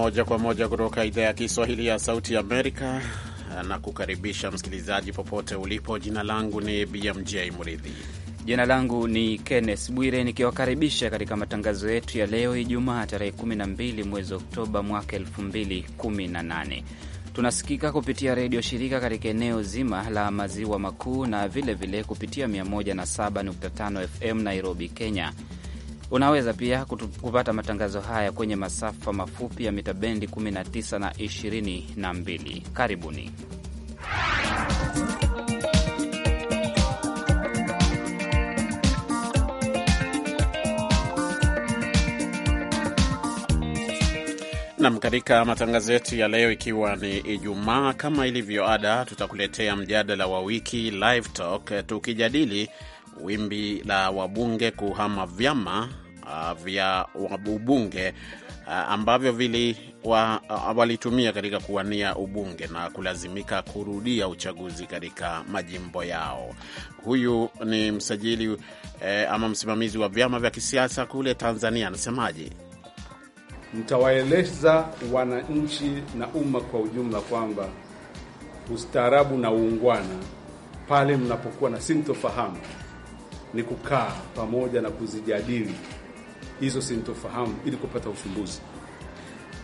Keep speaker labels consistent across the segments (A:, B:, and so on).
A: moja kwa moja kutoka idhaa ya Kiswahili ya Sauti Amerika na kukaribisha
B: msikilizaji popote ulipo. Jina langu ni BMJ Mridhi. Jina langu ni Kenneth Bwire nikiwakaribisha katika matangazo yetu ya leo Ijumaa tarehe 12 mwezi Oktoba mwaka 2018. Tunasikika kupitia redio shirika katika eneo zima la maziwa makuu na vilevile vile kupitia 107.5 FM Nairobi, Kenya Unaweza pia kupata matangazo haya kwenye masafa mafupi ya mita bendi 19 na 22. Karibuni.
A: Nam, katika matangazo yetu ya leo, ikiwa ni Ijumaa, kama ilivyo ada, tutakuletea mjadala wa wiki Live Talk, tukijadili wimbi la wabunge kuhama vyama Uh, vya ubunge uh, ambavyo uh, walitumia katika kuwania ubunge na kulazimika kurudia uchaguzi katika majimbo yao. Huyu ni msajili eh, ama msimamizi wa vyama vya kisiasa kule Tanzania, anasemaje? Mtawaeleza wananchi na umma kwa ujumla kwamba ustaarabu na uungwana pale mnapokuwa na sintofahamu ni kukaa pamoja na kuzijadili hizo sintofahamu ili kupata ufumbuzi.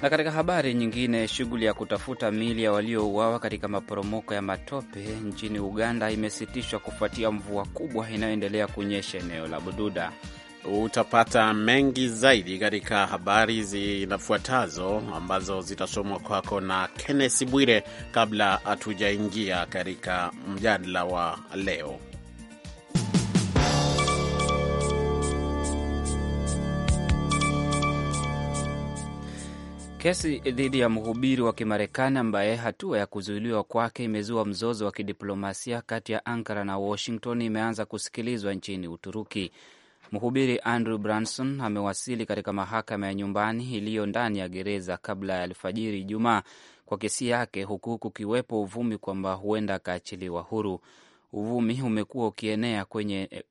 B: Na katika habari nyingine, shughuli ya kutafuta miili ya waliouawa katika maporomoko ya matope nchini Uganda imesitishwa kufuatia mvua kubwa inayoendelea kunyesha eneo la Bududa.
A: Utapata mengi zaidi katika habari zinafuatazo ambazo zitasomwa kwako na Kenneth Bwire, kabla hatujaingia katika mjadala wa leo.
B: Kesi dhidi ya mhubiri wa Kimarekani ambaye hatua ya kuzuiliwa kwake imezua mzozo wa kidiplomasia kati ya Ankara na Washington imeanza kusikilizwa nchini Uturuki. Mhubiri Andrew Branson amewasili katika mahakama ya nyumbani iliyo ndani ya gereza kabla ya alfajiri Ijumaa kwa kesi yake, huku kukiwepo uvumi kwamba huenda akaachiliwa huru. Uvumi umekuwa ukienea kwenye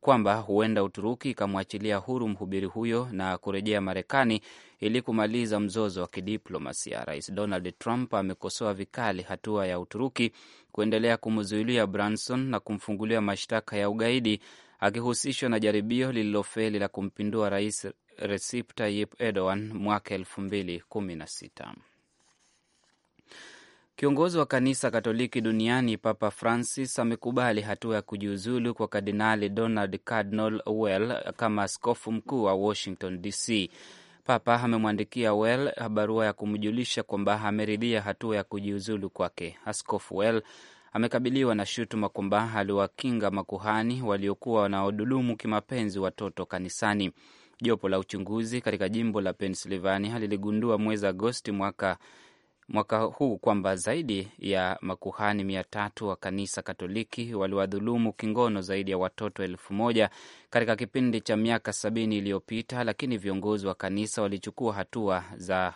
B: kwamba huenda Uturuki ikamwachilia huru mhubiri huyo na kurejea Marekani ili kumaliza mzozo wa kidiplomasia. Rais Donald Trump amekosoa vikali hatua ya Uturuki kuendelea kumzuilia Branson na kumfungulia mashtaka ya ugaidi akihusishwa na jaribio lililofeli la kumpindua Rais Recep Tayyip Erdogan mwaka elfu mbili kumi na sita. Kiongozi wa kanisa Katoliki duniani Papa Francis amekubali hatua ya kujiuzulu kwa Kardinali Donald Cardinal Well kama askofu mkuu wa Washington DC. Papa amemwandikia Well barua ya kumjulisha kwamba ameridhia hatua ya kujiuzulu kwake. Askofu Well amekabiliwa na shutuma kwamba aliwakinga makuhani waliokuwa wanaodhulumu kimapenzi watoto kanisani. Jopo la uchunguzi katika jimbo la Pennsylvania liligundua mwezi Agosti mwaka mwaka huu kwamba zaidi ya makuhani mia tatu wa kanisa Katoliki waliwadhulumu kingono zaidi ya watoto elfu moja katika kipindi cha miaka sabini iliyopita, lakini viongozi wa kanisa walichukua hatua za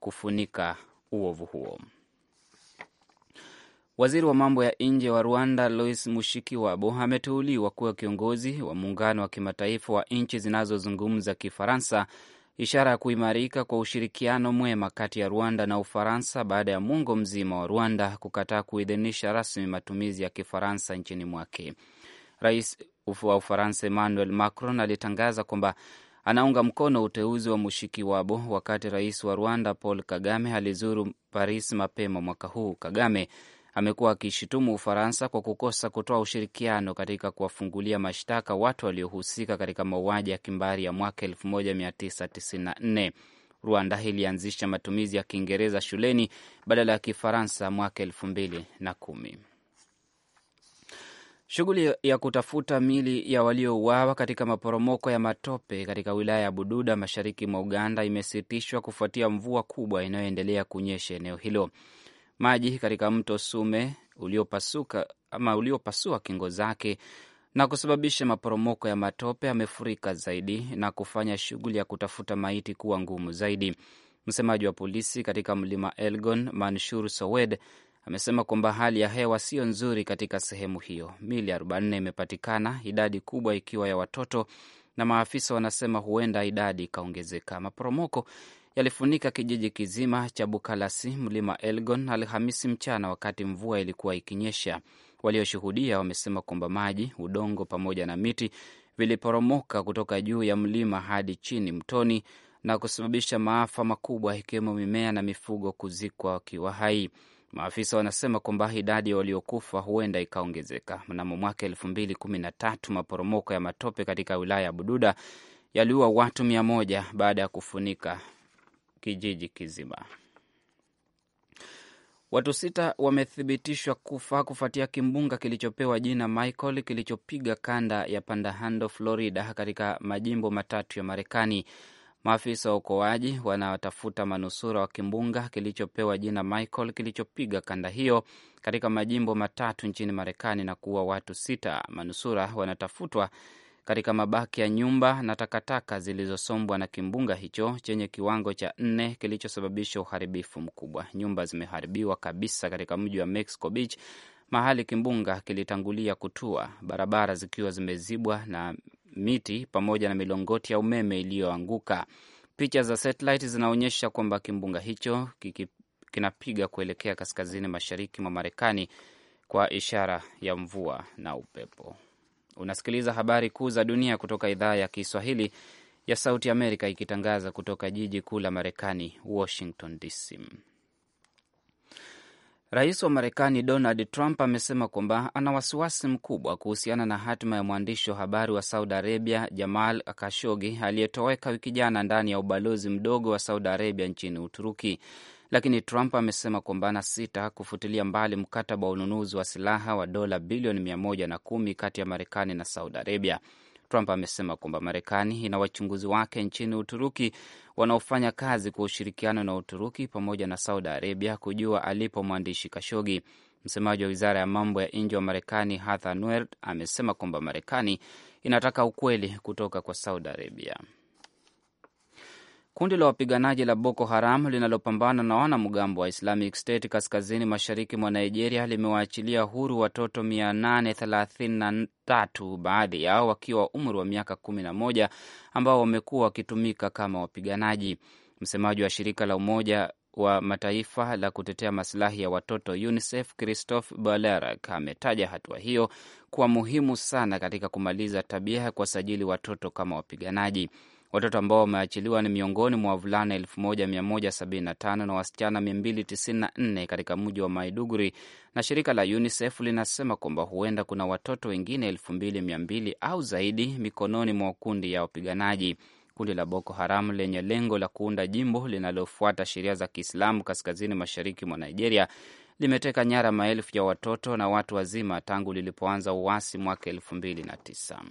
B: kufunika uovu huo. Waziri wa mambo ya nje wa Rwanda Louis Mushikiwabo ameteuliwa kuwa kiongozi wa muungano wa kimataifa wa nchi zinazozungumza Kifaransa ishara ya kuimarika kwa ushirikiano mwema kati ya Rwanda na Ufaransa baada ya muongo mzima wa Rwanda kukataa kuidhinisha rasmi matumizi ya Kifaransa nchini mwake. Rais wa Ufaransa Emmanuel Macron alitangaza kwamba anaunga mkono uteuzi wa Mushikiwabo wakati rais wa Rwanda Paul Kagame alizuru Paris mapema mwaka huu. Kagame amekuwa akishutumu Ufaransa kwa kukosa kutoa ushirikiano katika kuwafungulia mashtaka watu waliohusika katika mauaji ya kimbari ya mwaka 1994. Rwanda ilianzisha matumizi ya Kiingereza shuleni badala ya Kifaransa mwaka 2010. Shughuli ya kutafuta mili ya waliouawa katika maporomoko ya matope katika wilaya ya Bududa mashariki mwa Uganda imesitishwa kufuatia mvua kubwa inayoendelea kunyesha eneo hilo maji katika mto Sume uliopasuka ama uliopasua kingo zake na kusababisha maporomoko ya matope yamefurika zaidi na kufanya shughuli ya kutafuta maiti kuwa ngumu zaidi. Msemaji wa polisi katika mlima Elgon, Manshur Sowed, amesema kwamba hali ya hewa siyo nzuri katika sehemu hiyo. Mili 40 imepatikana, idadi kubwa ikiwa ya watoto, na maafisa wanasema huenda idadi ikaongezeka. Maporomoko yalifunika kijiji kizima cha Bukalasi, mlima Elgon, Alhamisi mchana wakati mvua ilikuwa ikinyesha. Walioshuhudia wamesema kwamba maji, udongo pamoja na miti viliporomoka kutoka juu ya mlima hadi chini mtoni na kusababisha maafa makubwa, ikiwemo mimea na mifugo kuzikwa wakiwa hai. Maafisa wanasema kwamba idadi ya waliokufa huenda ikaongezeka. Mnamo mwaka elfu mbili kumi na tatu maporomoko ya matope katika wilaya ya Bududa yaliua watu mia moja baada ya kufunika kijiji kizima. Watu sita wamethibitishwa kufa kufuatia kimbunga kilichopewa jina Michael kilichopiga kanda ya Pandahando, Florida, katika majimbo matatu ya Marekani. Maafisa wa uokoaji wanawatafuta manusura wa kimbunga kilichopewa jina Michael kilichopiga kanda hiyo katika majimbo matatu nchini Marekani na kuua watu sita. Manusura wanatafutwa katika mabaki ya nyumba na takataka zilizosombwa na kimbunga hicho chenye kiwango cha nne kilichosababisha uharibifu mkubwa. Nyumba zimeharibiwa kabisa katika mji wa Mexico Beach mahali kimbunga kilitangulia kutua, barabara zikiwa zimezibwa na miti pamoja na milongoti ya umeme iliyoanguka. Picha za satellite zinaonyesha kwamba kimbunga hicho kiki, kinapiga kuelekea kaskazini mashariki mwa Marekani kwa ishara ya mvua na upepo. Unasikiliza habari kuu za dunia kutoka idhaa ya Kiswahili ya Sauti Amerika, ikitangaza kutoka jiji kuu la Marekani, Washington DC. Rais wa Marekani Donald Trump amesema kwamba ana wasiwasi mkubwa kuhusiana na hatima ya mwandishi wa habari wa Saudi Arabia Jamal Kashogi aliyetoweka wiki jana ndani ya ubalozi mdogo wa Saudi Arabia nchini Uturuki lakini Trump amesema kwamba anasita kufutilia mbali mkataba wa ununuzi wa silaha wa dola bilioni 110 kati ya Marekani na Saudi Arabia. Trump amesema kwamba Marekani ina wachunguzi wake nchini Uturuki wanaofanya kazi kwa ushirikiano na Uturuki pamoja na Saudi Arabia kujua alipo mwandishi Kashogi. Msemaji wa wizara ya mambo ya nje wa Marekani Heather Nauert amesema kwamba Marekani inataka ukweli kutoka kwa Saudi Arabia. Kundi la wapiganaji la Boko Haram linalopambana na wanamgambo wa Islamic State kaskazini mashariki mwa Nigeria limewaachilia huru watoto 833 baadhi yao wakiwa umri wa miaka 11 ambao wamekuwa wakitumika kama wapiganaji. Msemaji wa shirika la Umoja wa Mataifa la kutetea masilahi ya watoto UNICEF Christophe Balerak ametaja hatua hiyo kuwa muhimu sana katika kumaliza tabia ya kuwasajili watoto kama wapiganaji. Watoto ambao wameachiliwa ni miongoni mwa wavulana 1175 na wasichana 294 katika mji wa Maiduguri, na shirika la UNICEF linasema kwamba huenda kuna watoto wengine 2200 au zaidi mikononi mwa kundi ya wapiganaji. Kundi la Boko Haram lenye lengo la kuunda jimbo linalofuata sheria za Kiislamu kaskazini mashariki mwa Nigeria limeteka nyara maelfu ya watoto na watu wazima tangu lilipoanza uasi mwaka 2009.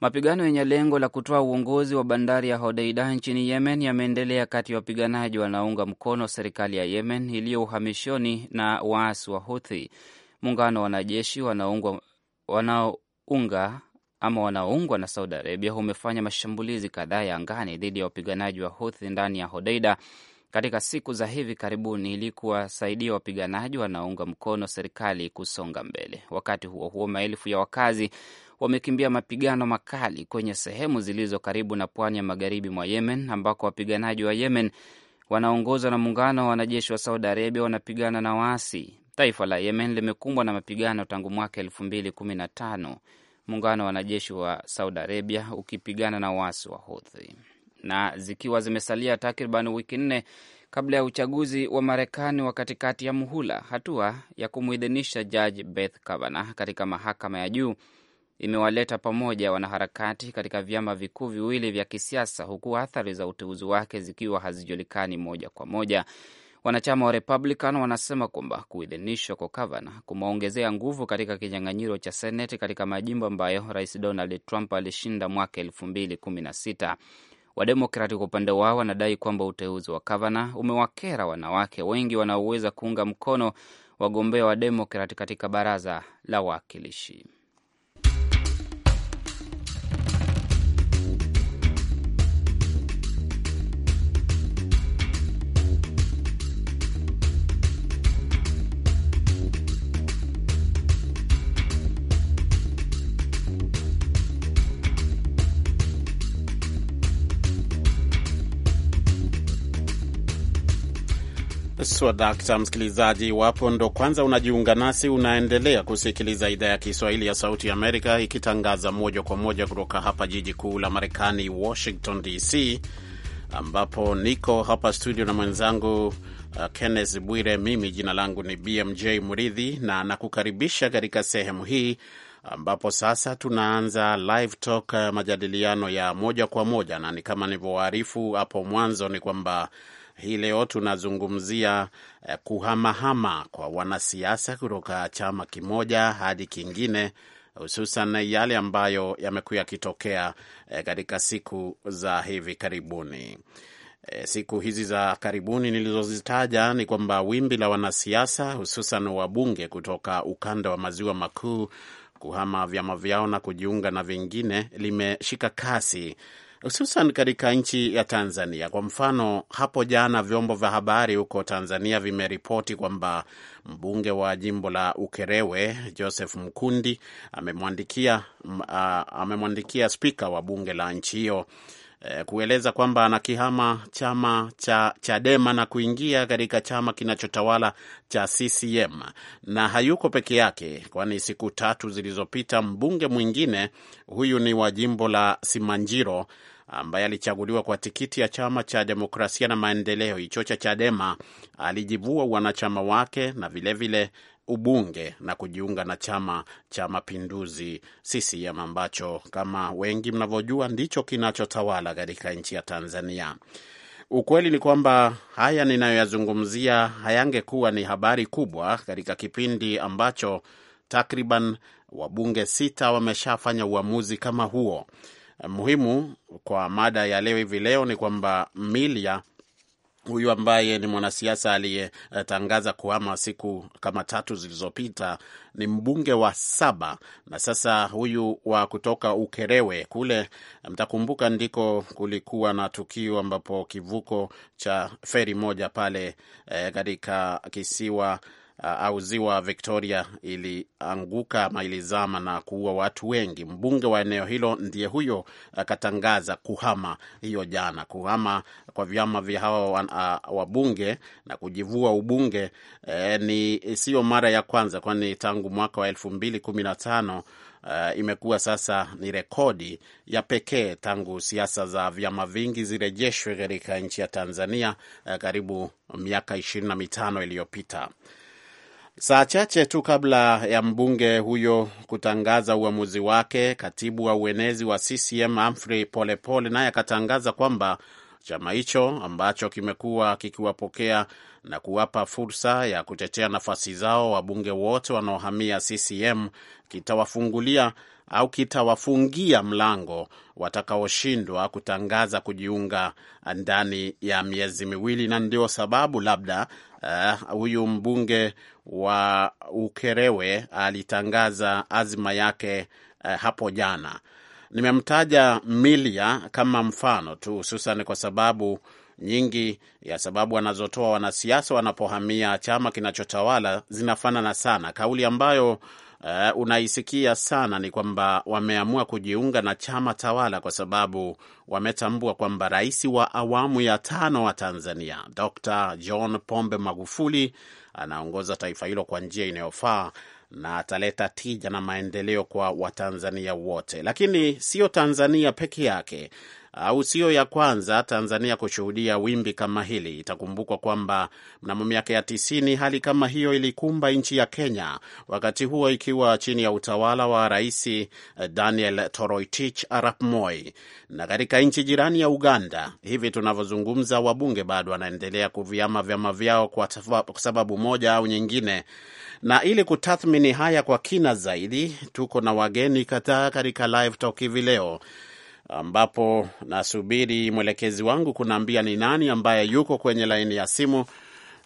B: Mapigano yenye lengo la kutoa uongozi wa bandari ya Hodeida nchini Yemen yameendelea kati ya wapiganaji wanaounga mkono serikali ya Yemen iliyo uhamishoni na waasi wa Huthi. Muungano wa wanajeshi wanaounga ama wanaoungwa na Saudi Arabia umefanya mashambulizi kadhaa ya angani dhidi ya wapiganaji wa Huthi ndani ya Hodeida katika siku za hivi karibuni ili kuwasaidia wapiganaji wanaounga mkono serikali kusonga mbele. Wakati huo huo, maelfu ya wakazi wamekimbia mapigano makali kwenye sehemu zilizo karibu na pwani ya magharibi mwa Yemen, ambako wapiganaji wa Yemen wanaongozwa na muungano wa wanajeshi wa Saudi Arabia wanapigana na waasi. Taifa la Yemen limekumbwa na mapigano tangu mwaka elfu mbili kumi na tano muungano wa wanajeshi wa Saudi Arabia ukipigana na waasi wa Houthi, na zikiwa zimesalia takriban wiki nne kabla ya uchaguzi wa Marekani wa katikati ya muhula, hatua ya kumwidhinisha Jaji Beth Kavanaugh katika mahakama ya juu imewaleta pamoja wanaharakati katika vyama vikuu viwili vya kisiasa, huku athari za uteuzi wake zikiwa hazijulikani moja kwa moja. Wanachama wa Republican wanasema kwamba kuidhinishwa kwa Kavana kumeongezea nguvu katika kinyang'anyiro cha Seneti katika majimbo ambayo Rais Donald Trump alishinda mwaka elfu mbili kumi na sita. Wademokrati kwa upande wao wanadai kwamba uteuzi wa Kavana umewakera wanawake wengi wanaoweza kuunga mkono wagombea wa katika baraza la wawakilishi.
A: dakta. msikilizaji, iwapo ndo kwanza unajiunga nasi, unaendelea kusikiliza idhaa ya Kiswahili ya Sauti ya Amerika ikitangaza moja kwa moja kutoka hapa jiji kuu la Marekani, Washington DC, ambapo niko hapa studio na mwenzangu uh, Kenneth Bwire. Mimi jina langu ni BMJ Muridhi na nakukaribisha katika sehemu hii ambapo sasa tunaanza live talk, uh, majadiliano ya moja kwa moja, na ni kama nilivyowaarifu hapo mwanzo ni kwamba hii leo tunazungumzia eh, kuhamahama kwa wanasiasa kutoka chama kimoja hadi kingine, hususan yale ambayo yamekuwa yakitokea eh, katika siku za hivi karibuni. Eh, siku hizi za karibuni nilizozitaja ni kwamba wimbi la wanasiasa hususan wabunge kutoka ukanda wa maziwa makuu kuhama vyama vyao na kujiunga na vingine limeshika kasi hususan katika nchi ya Tanzania. Kwa mfano, hapo jana vyombo vya habari huko Tanzania vimeripoti kwamba mbunge wa jimbo la Ukerewe Joseph Mkundi amemwandikia amemwandikia spika wa bunge la nchi hiyo eh, kueleza kwamba anakihama chama cha Chadema na kuingia katika chama kinachotawala cha CCM. Na hayuko peke yake, kwani siku tatu zilizopita mbunge mwingine huyu ni wa jimbo la Simanjiro ambaye alichaguliwa kwa tikiti ya chama cha demokrasia na maendeleo hicho cha Chadema alijivua wanachama wake na vilevile vile ubunge na kujiunga na chama cha mapinduzi CCM ambacho kama wengi mnavyojua ndicho kinachotawala katika nchi ya Tanzania. Ukweli ni kwamba haya ninayoyazungumzia hayangekuwa ni habari kubwa katika kipindi ambacho takriban wabunge sita wameshafanya uamuzi kama huo muhimu kwa mada ya leo hivi leo ni kwamba Milia huyu ambaye ni mwanasiasa aliyetangaza kuhama siku kama tatu zilizopita ni mbunge wa saba, na sasa huyu wa kutoka Ukerewe kule, mtakumbuka ndiko kulikuwa na tukio ambapo kivuko cha feri moja pale eh, katika e, kisiwa uh, au ziwa Victoria ilianguka ama ilizama na kuua watu wengi. Mbunge wa eneo hilo ndiye huyo akatangaza kuhama hiyo jana, kuhama kwa vyama vya hawa uh, wabunge na kujivua ubunge. Eh, ni siyo mara ya kwanza, kwani tangu mwaka wa elfu mbili kumi na tano Uh, imekuwa sasa ni rekodi ya pekee tangu siasa za vyama vingi zirejeshwe katika nchi ya Tanzania uh, karibu miaka ishirini na mitano iliyopita. Saa chache tu kabla ya mbunge huyo kutangaza uamuzi wake, katibu wa uenezi wa CCM Humphrey Polepole naye akatangaza kwamba Chama hicho ambacho kimekuwa kikiwapokea na kuwapa fursa ya kutetea nafasi zao wabunge wote wanaohamia CCM kitawafungulia au kitawafungia mlango watakaoshindwa kutangaza kujiunga ndani ya miezi miwili, na ndio sababu labda uh, huyu mbunge wa Ukerewe alitangaza azma yake uh, hapo jana Nimemtaja Milia kama mfano tu, hususan kwa sababu nyingi ya sababu wanazotoa wanasiasa wanapohamia chama kinachotawala zinafanana sana. Kauli ambayo uh, unaisikia sana ni kwamba wameamua kujiunga na chama tawala kwa sababu wametambua kwamba rais wa awamu ya tano wa Tanzania Dr. John Pombe Magufuli anaongoza taifa hilo kwa njia inayofaa na ataleta tija na maendeleo kwa Watanzania wote. Lakini sio Tanzania peke yake au sio ya kwanza Tanzania kushuhudia wimbi kama hili. Itakumbukwa kwamba mnamo miaka ya tisini hali kama hiyo ilikumba nchi ya Kenya, wakati huo ikiwa chini ya utawala wa Rais eh, Daniel Toroitich arap Moi. Na katika nchi jirani ya Uganda, hivi tunavyozungumza, wabunge bado wanaendelea kuviama vyama vyao kwa sababu moja au nyingine, na ili kutathmini haya kwa kina zaidi, tuko na wageni kadhaa katika live talk hivi leo, ambapo nasubiri mwelekezi wangu kunaambia ni nani ambaye yuko kwenye laini ya simu.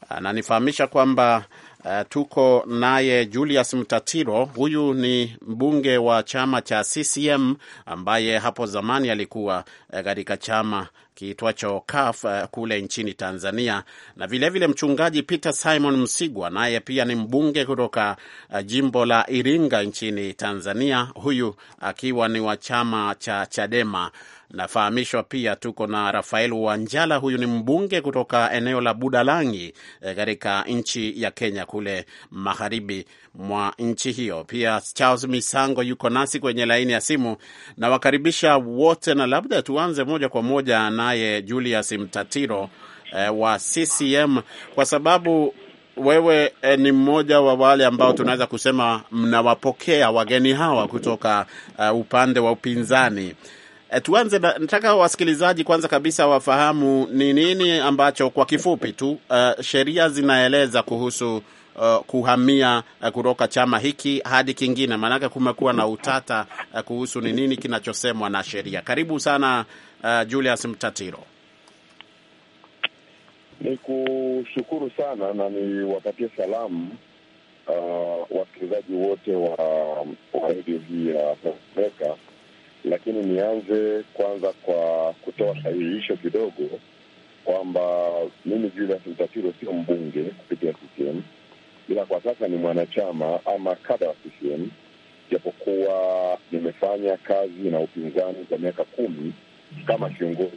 A: Ananifahamisha kwamba uh, tuko naye Julius Mtatiro. Huyu ni mbunge wa chama cha CCM ambaye hapo zamani alikuwa eh, katika uh, chama kiitwacho CAF eh, kule nchini Tanzania, na vilevile vile mchungaji Peter Simon Msigwa naye pia ni mbunge kutoka eh, jimbo la Iringa nchini Tanzania, huyu akiwa ni wa chama cha Chadema Nafahamishwa pia tuko na Rafael Wanjala, huyu ni mbunge kutoka eneo la Budalangi eh, katika e, nchi ya Kenya kule magharibi mwa nchi hiyo. Pia Charles Misango yuko nasi kwenye laini ya simu, nawakaribisha wote, na labda tuanze moja kwa moja naye Julius Mtatiro e, wa CCM kwa sababu wewe e, ni mmoja wa wale ambao tunaweza kusema mnawapokea wageni hawa kutoka uh, upande wa upinzani. Eh, tuanze na, nataka wasikilizaji kwanza kabisa wafahamu ni nini ambacho kwa kifupi tu uh, sheria zinaeleza kuhusu uh, kuhamia uh, kutoka chama hiki hadi kingine, maanake kumekuwa na utata uh, kuhusu ni nini kinachosemwa na sheria. Karibu sana uh, Julius Mtatiro.
C: Ni kushukuru sana na niwapatie salamu uh, wasikilizaji wote wa redio hii ya Amerika lakini nianze kwanza kwa kutoa sahihisho kidogo kwamba mimi Julius Mtatiro sio mbunge kupitia CCM, ila kwa sasa ni mwanachama ama kada wa CCM, japokuwa nimefanya kazi na upinzani kwa miaka kumi kama kiongozi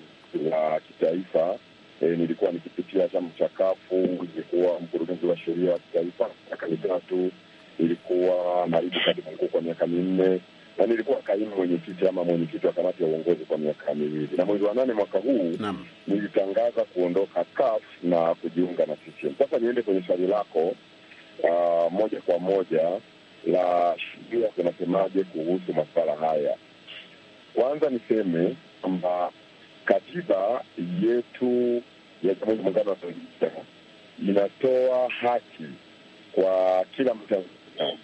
C: wa kitaifa. E, nilikuwa nikipitia chama cha kafu, nilikuwa mkurugenzi wa sheria wa kitaifa miaka mitatu, nilikuwa naibu katibu mkuu kwa miaka minne na nilikuwa kaimu mwenyekiti ama mwenyekiti wa kamati ya uongozi kwa miaka miwili, na mwezi wa nane mwaka huu Naam. nilitangaza kuondoka CUF na kujiunga na CCM. Sasa niende kwenye swali lako uh, moja kwa moja la sheria kunasemaje kuhusu masuala haya. Kwanza niseme kwamba katiba yetu ya Jamhuri ya Muungano wa Tanzania inatoa haki kwa kila Mtanzania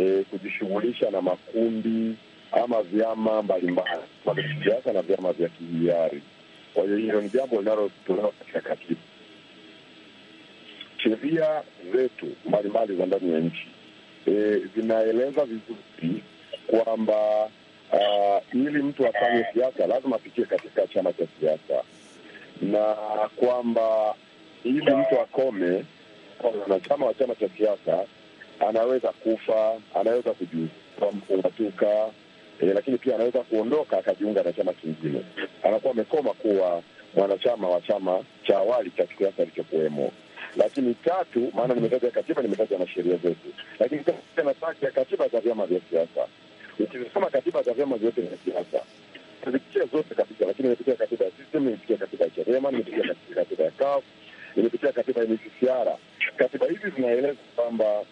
C: e, kujishughulisha na makundi ama vyama mbalimbali vya kisiasa na vyama vya kihiari. Kwa hiyo hilo ni jambo linalotolewa katika katiba. Sheria zetu mbalimbali za ndani ya nchi e, zinaeleza vizuri kwamba uh, ili mtu afanye siasa lazima apitie katika chama cha siasa na kwamba ili mtu akome kwa wanachama wa chama cha siasa anaweza kufa, anaweza kuatuka e, eh, lakini pia anaweza kuondoka akajiunga na chama kingine, anakuwa amekoma kuwa mwanachama wa chama cha awali cha kisiasa alichokuwemo. Lakini tatu, maana nimetaja katiba, nimetaja na sheria zetu, lakini nafasi ya katiba za vyama vya siasa, ukizisoma katiba za vyama vyote vya siasa zipitia zote kabisa, lakini nimepitia katiba ya CCM, nimepitia katiba ya Chadema, nimepitia katiba ya CUF, nimepitia katiba ya NCCR. Katiba hizi zinaeleza kwamba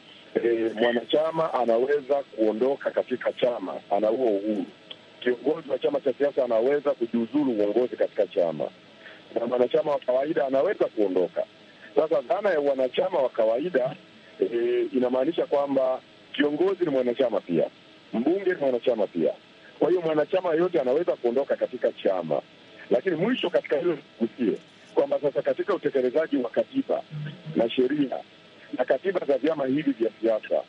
C: e, mwanachama anaweza kuondoka katika chama, ana huo uhuru. Kiongozi wa chama cha siasa anaweza kujiuzulu uongozi katika chama, na mwanachama wa kawaida anaweza kuondoka. Sasa dhana ya wanachama wa kawaida e, inamaanisha kwamba kiongozi ni mwanachama pia, mbunge ni mwanachama pia. Kwa hiyo mwanachama yeyote anaweza kuondoka katika chama, lakini mwisho katika hilo nigusie kwamba sasa katika utekelezaji wa katiba na sheria na katiba za vyama hivi vya siasa.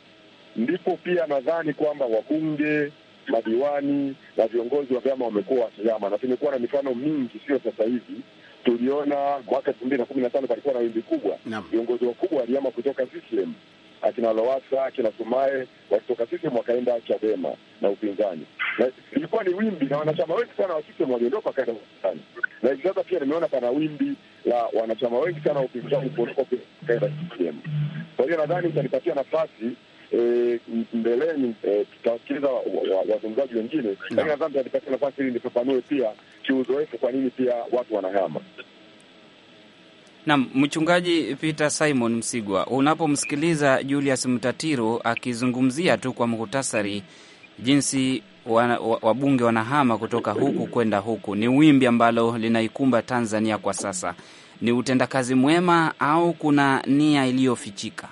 C: Ndipo pia nadhani kwamba wabunge, madiwani na viongozi wa vyama wamekuwa wakihama, na tumekuwa na mifano mingi, sio sasa hivi tuliona mwaka elfu mbili na kumi na tano palikuwa na wimbi kubwa, viongozi wakubwa walihama kutoka CCM, akina Lowassa akina Sumaye wakitoka CCM wakaenda Chadema na upinzani, na ilikuwa ni wimbi, na wanachama wengi sana wa CCM waliondoka wakaenda upinzani, na hivi sasa pia nimeona pana wimbi la wanachama wengi sana upinzani kuliko kwenda CCM. Kwa hiyo nadhani itanipatia nafasi E, mbeleni e, tutawasikiliza wazungumzaji wa, wa, wengine no. Lakini nadhani tutapatia nafasi ili nifafanue pia kiuzoefu kwa nini pia watu wanahama.
B: Naam, Mchungaji Peter Simon Msigwa, unapomsikiliza Julius Mtatiro akizungumzia tu kwa muhtasari jinsi wabunge wa, wa wanahama kutoka huku kwenda huku, ni wimbi ambalo linaikumba Tanzania kwa sasa ni utendakazi mwema au kuna nia iliyofichika?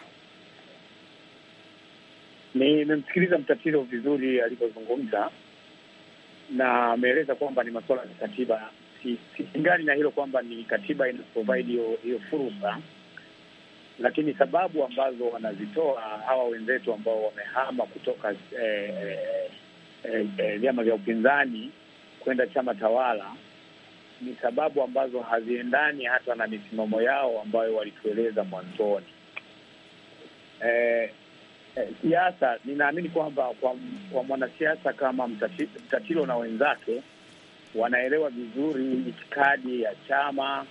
C: Nimemsikiliza mtatizo vizuri alivyozungumza, na ameeleza kwamba ni masuala ya katiba. Sipingani na hilo kwamba ni katiba ina provide hiyo fursa, lakini sababu ambazo wanazitoa hawa wenzetu ambao wamehama kutoka vyama eh, eh, eh, eh vya upinzani kwenda chama tawala ni sababu ambazo haziendani hata na misimamo yao ambayo walitueleza mwanzoni. E, e, siasa e, ninaamini kwamba kwa, kwa mwanasiasa kama Mtatiro na wenzake wanaelewa vizuri itikadi ya chama,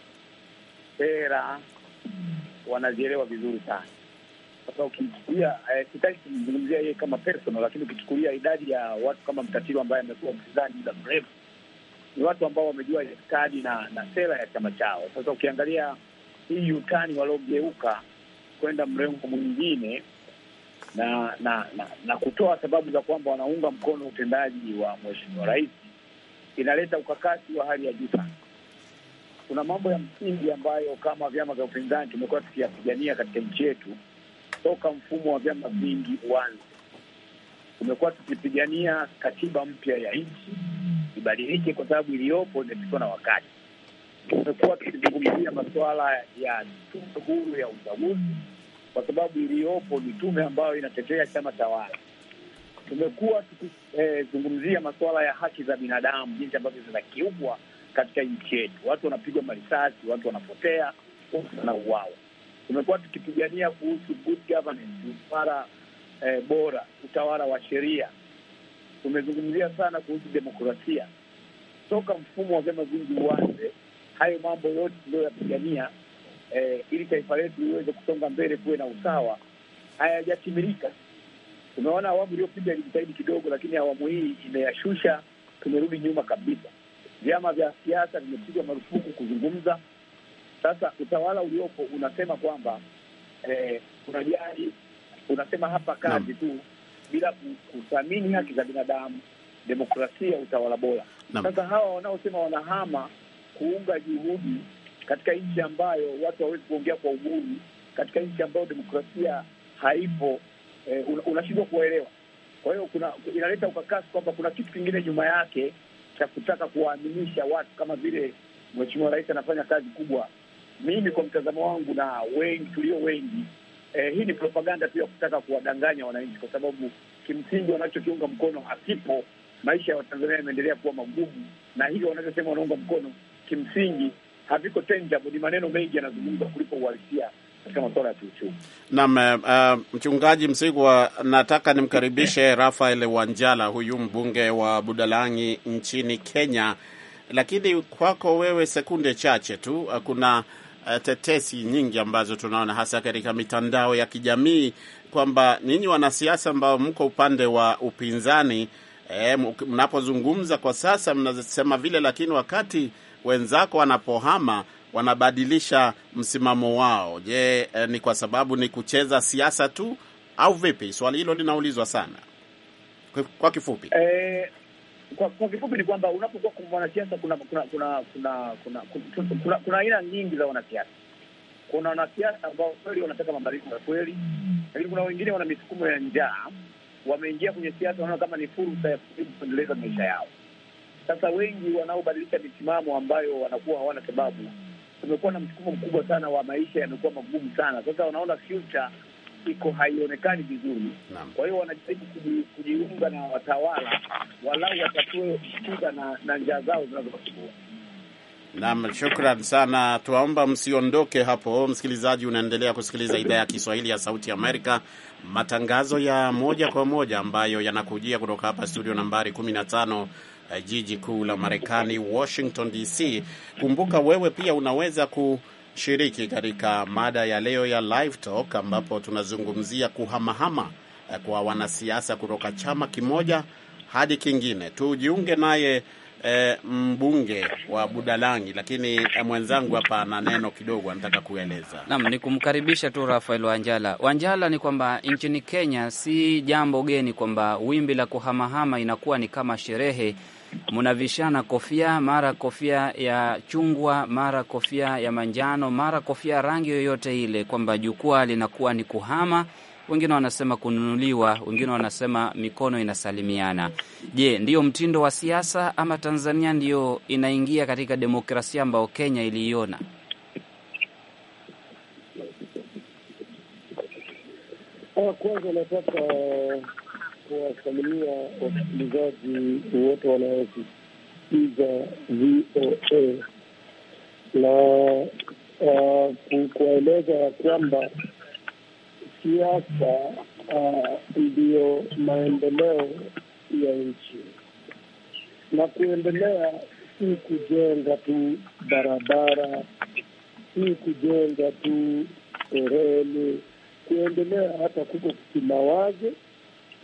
C: sera wanazielewa vizuri sana. Sasa ukichukulia eh, sitaki kumzungumzia yeye kama personal, lakini ukichukulia idadi ya watu kama mtatilo ambaye amekuwa mpinzani muda mrefu ni watu ambao wamejua itikadi na, na sera ya chama chao. Sasa ukiangalia hii utani waliogeuka kwenda mrengo mwingine
B: na na,
C: na na kutoa sababu za kwamba wanaunga mkono utendaji wa mheshimiwa rais, inaleta ukakasi wa hali ya juu sana. Kuna mambo ya msingi ambayo kama vyama vya upinzani tumekuwa tukiyapigania katika nchi yetu toka mfumo wa vyama vingi uanze. Tumekuwa tukipigania katiba mpya ya nchi ibadilike, kwa sababu iliyopo imepitwa na wakati. Tumekuwa tukizungumzia masuala ya tume huru ya uchaguzi, kwa sababu iliyopo ni tume ambayo inatetea chama tawala. Tumekuwa tukizungumzia eh, masuala ya haki za binadamu, jinsi ambavyo zinakiukwa katika nchi yetu, watu wanapigwa marisasi, watu wanapotea, watu wanauawa. Tumekuwa tukipigania kuhusu good governance, utawala eh, bora, utawala wa sheria tumezungumzia sana kuhusu demokrasia toka mfumo wa vyama vingi uanze. Hayo mambo yote tuliyoyapigania eh, ili taifa letu liweze kusonga mbele, kuwe na usawa, hayajatimilika. Tumeona awamu iliyopiga ilijitahidi kidogo, lakini awamu hii imeyashusha, tumerudi nyuma kabisa. Vyama vya siasa vimepigwa marufuku kuzungumza. Sasa utawala uliopo unasema kwamba eh, unajali, unasema hapa kazi tu bila kuthamini haki za binadamu, demokrasia, utawala bora. Sasa hawa wanaosema wanahama kuunga juhudi katika nchi ambayo watu wawezi kuongea kwa uhuru, katika nchi ambayo demokrasia haipo, eh, unashindwa kuwaelewa. Kwa hiyo kuna inaleta ukakasi kwamba kuna kitu kingine nyuma yake cha kutaka kuwaaminisha watu kama vile Mheshimiwa Rais anafanya kazi kubwa. Mimi kwa mtazamo wangu na wengi tulio wengi Eh, hii ni propaganda pia kutaka kuwadanganya wananchi, kwa sababu kimsingi wanachokiunga mkono hakipo. Maisha ya Watanzania yameendelea kuwa magumu, na hivyo wanachosema wanaunga mkono kimsingi haviko tangible, ni maneno mengi yanazungumzwa kuliko uhalisia katika masuala ya kiuchumi.
A: Naam, uh, mchungaji Msigwa, nataka nimkaribishe Rafael Wanjala, huyu mbunge wa Budalangi nchini Kenya, lakini kwako wewe sekunde chache tu. Eh, kuna Eh, tetesi nyingi ambazo tunaona hasa katika mitandao ya kijamii kwamba ninyi wanasiasa ambao mko upande wa upinzani e, mnapozungumza kwa sasa mnasema vile, lakini wakati wenzako wanapohama wanabadilisha msimamo wao. Je, e, ni kwa sababu ni kucheza siasa tu au vipi? Swali hilo linaulizwa sana kwa kifupi.
C: Eh, kwa, kwa kifupi ni kwamba unapokuwa mwanasiasa kuna kuna kuna kuna kuna kuna kuna aina nyingi za wanasiasa. Kuna wanasiasa ambao kweli wanataka mabadiliko ya kweli, lakini kuna wengine wana misukumo ya njaa, wameingia kwenye siasa, wanaona kama ni fursa ya kuendeleza maisha yao. Sasa wengi wanaobadilisha misimamo ambayo wanakuwa hawana sababu, kumekuwa na msukumo mkubwa sana wa maisha, yamekuwa magumu sana. Sasa wanaona future iko haionekani vizuri. Kwa hiyo wanajaribu kujiunga na watawala walau watatue shida na, na njaa zao zinazowasumbua.
A: Naam, shukran sana. Tuwaomba msiondoke hapo, msikilizaji. Unaendelea kusikiliza idhaa ya Kiswahili ya Sauti Amerika, matangazo ya moja kwa moja ambayo yanakujia kutoka hapa studio nambari 15 eh, jiji kuu la Marekani, Washington DC. Kumbuka wewe pia unaweza ku shiriki katika mada ya leo ya Live Talk ambapo tunazungumzia kuhamahama eh, kwa wanasiasa kutoka chama kimoja hadi kingine. Tujiunge naye
B: e, mbunge wa Budalangi, lakini eh, mwenzangu hapa ana neno kidogo anataka kueleza. Naam, ni kumkaribisha tu Rafael Wanjala. Wanjala, ni kwamba nchini Kenya si jambo geni kwamba wimbi la kuhamahama inakuwa ni kama sherehe mnavishana kofia, mara kofia ya chungwa, mara kofia ya manjano, mara kofia ya rangi yoyote ile, kwamba jukwaa linakuwa ni kuhama wengine wanasema kununuliwa, wengine wanasema mikono inasalimiana. Je, ndiyo mtindo wa siasa ama Tanzania ndiyo inaingia katika demokrasia ambayo Kenya iliiona?
C: Eh, kwanza nataka kuwasalimia wasikilizaji wote wanaosikiza VOA na uh, kuwaeleza kwamba siasa ndiyo uh, maendeleo ya nchi na kuendelea si kujenga tu barabara, si kujenga tu reli, kuendelea hata kuko kimawazo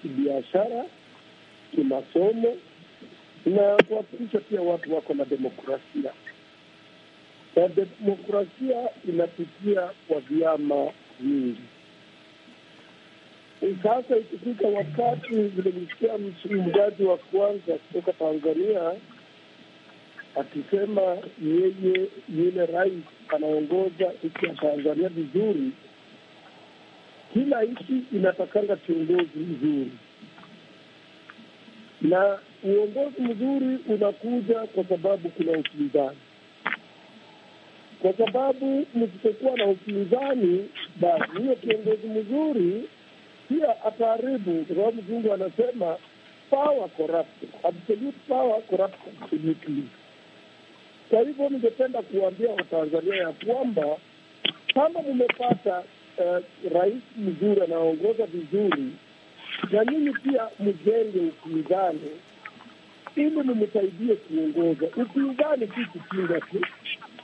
C: kibiashara, kimasomo na kuhakikisha pia watu wako na demokrasia, na demokrasia inapitia kwa vyama vingi. Sasa ikifika wakati vile mzungumzaji wa kwanza kutoka Tanzania akisema yeye yule rais anaongoza nchi ya Tanzania vizuri kila nchi inatakanga kiongozi mzuri, na uongozi mzuri unakuja kwa sababu kuna upinzani. Kwa sababu msipokuwa na upinzani, basi hiyo kiongozi mzuri pia ataharibu, kwa sababu Mungu anasema power absolute power corrupts Kwa hivyo ningependa kuwaambia Watanzania ya kwamba kama mmepata uh, rais mzuri anaongoza vizuri, na nyinyi pia mjenge upinzani ili mumsaidie kuongoza. Upinzani si kupinga tu,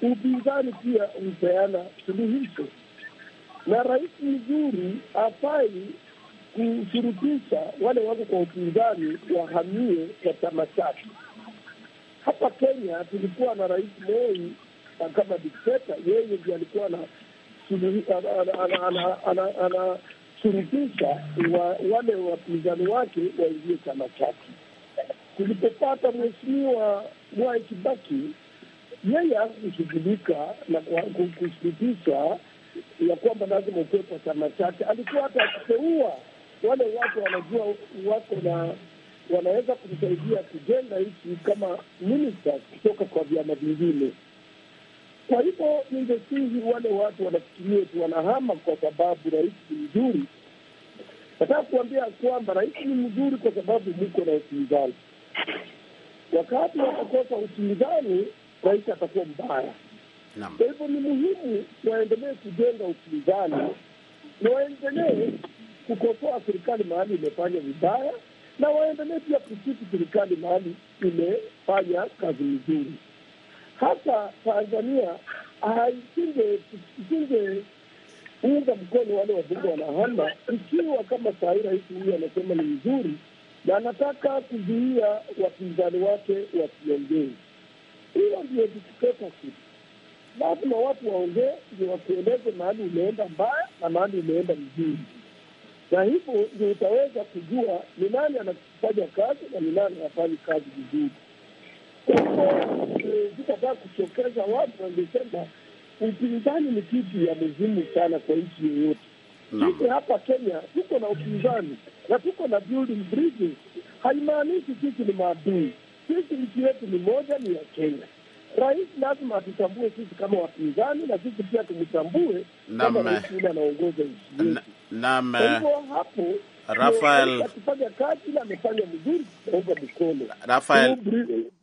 C: upinzani pia hupeana suluhisho, na rais mzuri hafai kushurutisha wale wako kwa upinzani wahamie kwa chama chake. Hapa Kenya tulikuwa na rais Moi kama dikteta, yeye ndiye alikuwa na anashurutisha wale wapinzani wake waingie chama chake. Tulipopata mheshimiwa Mwai Kibaki, yeye hakushughulika na kushurutisha ya kwamba lazima upepo chama chake. Alikuwa hata akiteua wale watu wanajua wako na wanaweza kumsaidia kujenga nchi kama minista kutoka kwa vyama vingine. Kwa hivyo ningesihi wale watu wanafikiria tu wanahama kwa sababu rais ni mzuri. Nataka kuambia kwamba rais ni mzuri kwa sababu muko na upinzani. Wakati watakosa upinzani, rais atakuwa mbaya. Kwa hivyo ni muhimu waendelee kujenga upinzani na waendelee kukosoa serikali mahali imefanya vibaya, na waendelee pia kusifu serikali mahali imefanya kazi nzuri. Hasa Tanzania isingeunga mkono wale wazungu wanahama, ikiwa kama saa hii rais huyu anasema ni mzuri na anataka kuzuia wapinzani wake wasiongee. Hilo ndio dictatorship. Lazima watu waongee ndio wakueleze mahali umeenda mbaya na mahali umeenda mzuri, na hivyo ndio utaweza kujua ni nani anafanya kazi na ni nani hafanyi kazi vizuri. Sikataka kuchokeza watu, wangesema upinzani ni kitu ya muhimu sana kwa nchi yoyote. Sisi hapa Kenya tuko na upinzani na tuko na building bridges, haimaanishi sisi ni maadui. Sisi nchi yetu ni moja, ni ya Kenya. Rais lazima atutambue sisi kama wapinzani na sisi pia tumtambue kama rais anaongoza nchi yetu.
A: Naam, hivyo hapo Rafael
C: kazi na amefanya mzuri kuunga mikono
A: Rafael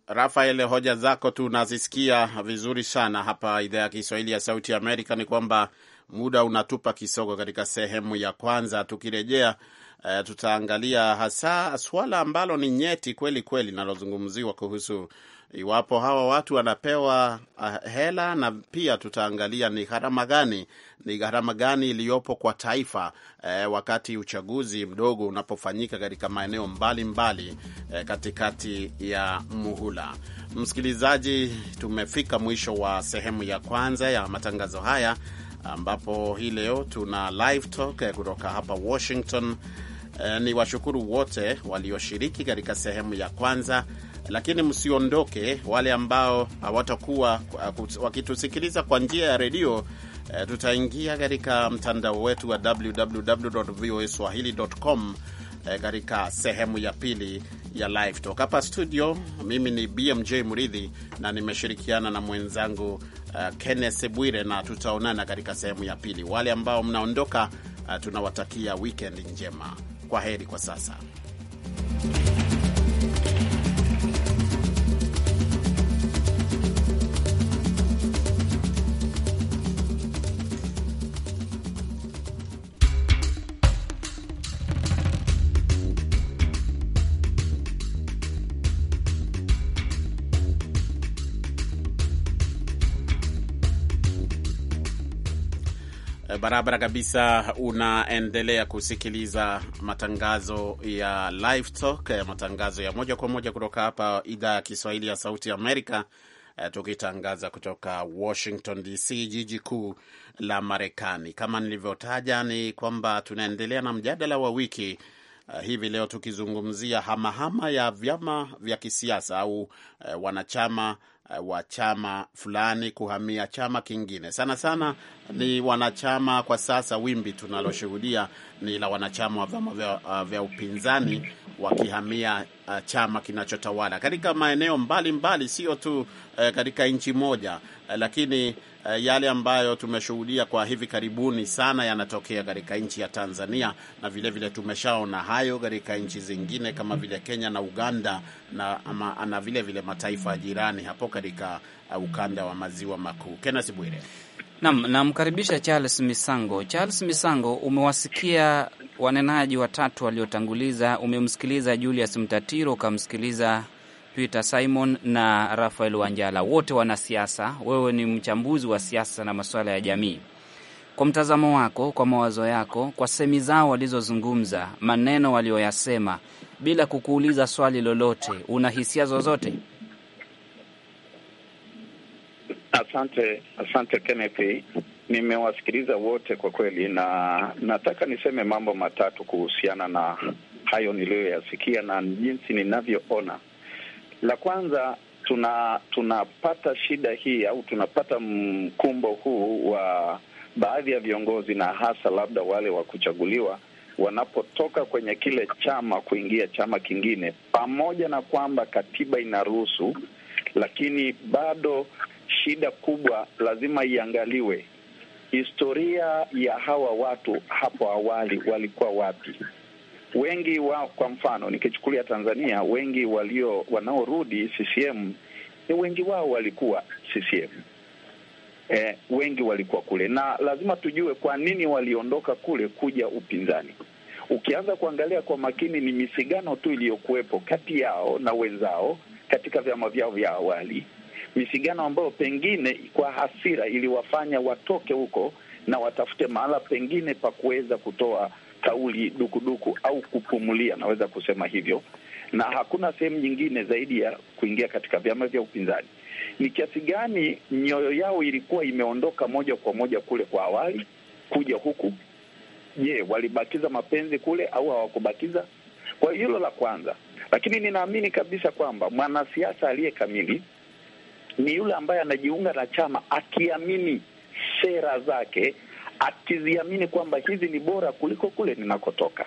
A: Rafael, hoja zako tunazisikia vizuri sana hapa idhaa ya Kiswahili ya Sauti ya Amerika. Ni kwamba muda unatupa kisogo katika sehemu ya kwanza. Tukirejea uh, tutaangalia hasa suala ambalo ni nyeti kweli kweli linalozungumziwa kuhusu iwapo hawa watu wanapewa ah, hela na pia tutaangalia ni gharama gani ni gharama gani iliyopo kwa taifa eh, wakati uchaguzi mdogo unapofanyika katika maeneo mbalimbali mbali, eh, katikati ya muhula. Msikilizaji, tumefika mwisho wa sehemu ya kwanza ya matangazo haya ambapo hii leo tuna live talk eh, kutoka hapa Washington. Eh, ni washukuru wote walioshiriki katika sehemu ya kwanza lakini msiondoke. Wale ambao hawatakuwa uh, wakitusikiliza kwa njia ya redio e, tutaingia katika mtandao wetu wa www voa swahilicom uh, katika e, sehemu ya pili ya live talk hapa studio. Mimi ni BMJ Muridhi na nimeshirikiana na mwenzangu uh, Kenneth Bwire na tutaonana katika sehemu ya pili. Wale ambao mnaondoka, uh, tunawatakia weekend njema. Kwa heri kwa sasa. Eh, barabara kabisa. Unaendelea kusikiliza matangazo ya Live Talk, eh, matangazo ya moja kwa moja kutoka hapa idhaa ya Kiswahili ya Sauti Amerika, eh, tukitangaza kutoka Washington DC, jiji kuu la Marekani. Kama nilivyotaja, ni kwamba tunaendelea na mjadala wa wiki hivi leo tukizungumzia hamahama ya vyama vya kisiasa au wanachama Eh, wa chama fulani kuhamia chama kingine. Sana sana ni wanachama. Kwa sasa wimbi tunaloshuhudia ni la wanachama wa vyama vya, uh, upinzani wakihamia uh, chama kinachotawala katika maeneo mbalimbali, sio tu eh, katika nchi moja eh, lakini Eh, yale ambayo tumeshuhudia kwa hivi karibuni sana yanatokea katika nchi ya Tanzania, na vilevile vile tumeshaona hayo katika nchi zingine kama vile Kenya na Uganda na, ama, na vile vile mataifa ya
B: jirani hapo katika uh, ukanda wa maziwa makuu. Kenneth Bwire nam namkaribisha Charles Misango. Charles Misango, umewasikia wanenaji watatu waliotanguliza, umemsikiliza Julius Mtatiro, ukamsikiliza Peter Simon na Rafael Wanjala, wote wanasiasa. Wewe ni mchambuzi wa siasa na masuala ya jamii. Kwa mtazamo wako, kwa mawazo yako, kwa semi zao walizozungumza, maneno walioyasema, bila kukuuliza swali lolote, una hisia zozote?
C: Asante, asante Kenneth. Nimewasikiliza wote kwa kweli, na nataka niseme mambo matatu kuhusiana na hayo niliyoyasikia na jinsi ninavyoona la kwanza tuna tunapata shida hii au tunapata mkumbo huu wa baadhi ya viongozi na hasa labda wale wa kuchaguliwa wanapotoka kwenye kile chama kuingia chama kingine, pamoja na kwamba katiba inaruhusu, lakini bado shida kubwa lazima iangaliwe historia ya hawa watu hapo awali walikuwa wapi? wengi wao, kwa mfano nikichukulia Tanzania, wengi walio wanaorudi CCM ni wengi wao walikuwa CCM. E, eh, wengi walikuwa kule na lazima tujue kwa nini waliondoka kule kuja upinzani. Ukianza kuangalia kwa makini, ni misigano tu iliyokuwepo kati yao na wenzao katika vyama vyao vya awali, misigano ambayo pengine kwa hasira iliwafanya watoke huko na watafute mahala pengine pa kuweza kutoa kauli dukuduku au kupumulia, naweza kusema hivyo, na hakuna sehemu nyingine zaidi ya kuingia katika vyama vya upinzani. Ni kiasi gani mioyo yao ilikuwa imeondoka moja kwa moja kule kwa awali kuja huku? Je, walibakiza mapenzi kule au hawakubakiza? Kwa hilo la kwanza, lakini ninaamini kabisa kwamba mwanasiasa aliye kamili ni yule ambaye anajiunga na chama akiamini sera zake akiziamini kwamba hizi ni bora kuliko kule ninakotoka.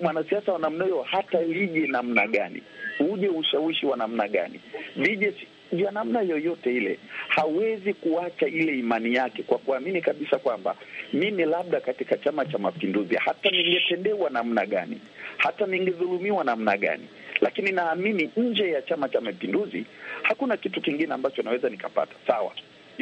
C: Mwanasiasa wa namna hiyo hata lije namna gani, uje ushawishi wa namna gani, vije vya namna yoyote ile, hawezi kuacha ile imani yake kwa kuamini kabisa kwamba mimi labda katika Chama cha Mapinduzi, hata ningetendewa namna gani, hata ningedhulumiwa namna gani, lakini naamini nje ya Chama cha Mapinduzi hakuna kitu kingine ambacho naweza nikapata. Sawa,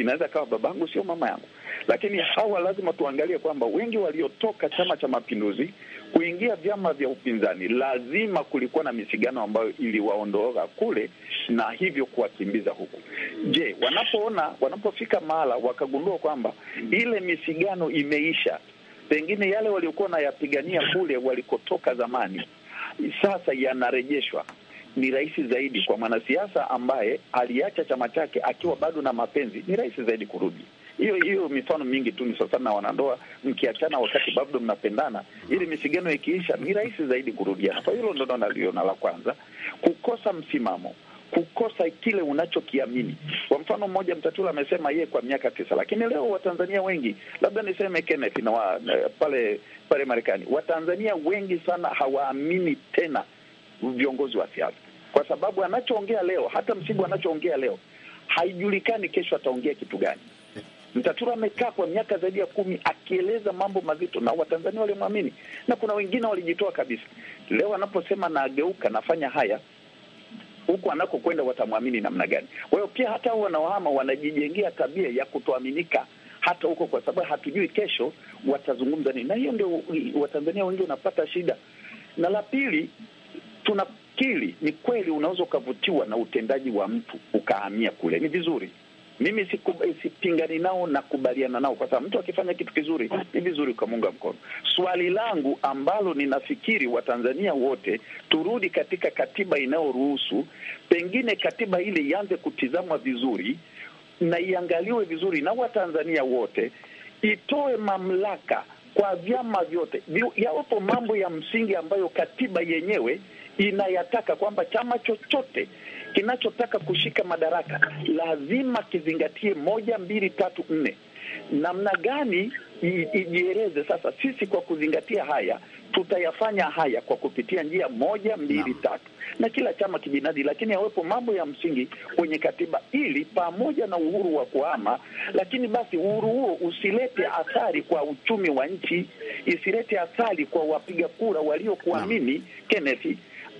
C: inaweza kawa babangu, sio mama yangu. Lakini hawa lazima tuangalie kwamba wengi waliotoka Chama cha Mapinduzi kuingia vyama vya upinzani, lazima kulikuwa na misigano ambayo iliwaondoa kule na hivyo kuwakimbiza huku. Je, wanapoona wanapofika mahala wakagundua kwamba ile misigano imeisha, pengine yale waliokuwa wanayapigania kule walikotoka zamani sasa yanarejeshwa ni rahisi zaidi kwa mwanasiasa ambaye aliacha chama chake akiwa bado na mapenzi, ni rahisi zaidi kurudi. Hiyo hiyo mifano mingi tu ni sasana na wanandoa, mkiachana wakati bado mnapendana, ili misigano ikiisha, ni rahisi zaidi kurudiana. Kwa hilo ndo naliona la kwanza, kukosa msimamo kukosa kile unachokiamini. Kwa mfano mmoja, Mtatula amesema yeye kwa miaka tisa, lakini leo Watanzania wengi, labda niseme Kenneth na wa, eh, pale pale Marekani, Watanzania wengi sana hawaamini tena viongozi wa siasa kwa sababu anachoongea leo, hata msibu anachoongea leo haijulikani kesho ataongea kitu gani. Mtatura amekaa kwa miaka zaidi ya kumi akieleza mambo mazito na Watanzania walimwamini, na kuna wengine walijitoa kabisa. Leo anaposema nageuka, nafanya haya, huku anakokwenda watamwamini namna gani? Kwa hiyo pia hata wanaohama wanajijengea tabia ya kutoaminika hata huko, kwa sababu hatujui kesho watazungumza nini, na hiyo ndio Watanzania wengi wanapata shida. Na la pili, tuna ukifikiri ni kweli, unaweza ukavutiwa na utendaji wa mtu ukahamia kule, ni vizuri. Mimi sipingani nao, nakubaliana nao, kwa sababu mtu akifanya kitu kizuri ni vizuri ukamuunga mkono. Swali langu ambalo ninafikiri Watanzania wote turudi katika katiba inayoruhusu, pengine katiba ile ianze kutizamwa vizuri na iangaliwe vizuri na Watanzania wote, itoe mamlaka kwa vyama vyote. Yapo mambo ya msingi ambayo katiba yenyewe inayataka kwamba chama chochote kinachotaka kushika madaraka lazima kizingatie moja, mbili, tatu, nne. Namna gani ijieleze sasa? Sisi kwa kuzingatia haya tutayafanya haya kwa kupitia njia moja, mbili, tatu, na kila chama kibinadi, lakini yawepo mambo ya msingi kwenye katiba ili pamoja na uhuru wa kuhama, lakini basi uhuru huo usilete athari kwa uchumi wa nchi, isilete athari kwa wapiga kura waliokuamini Kenneth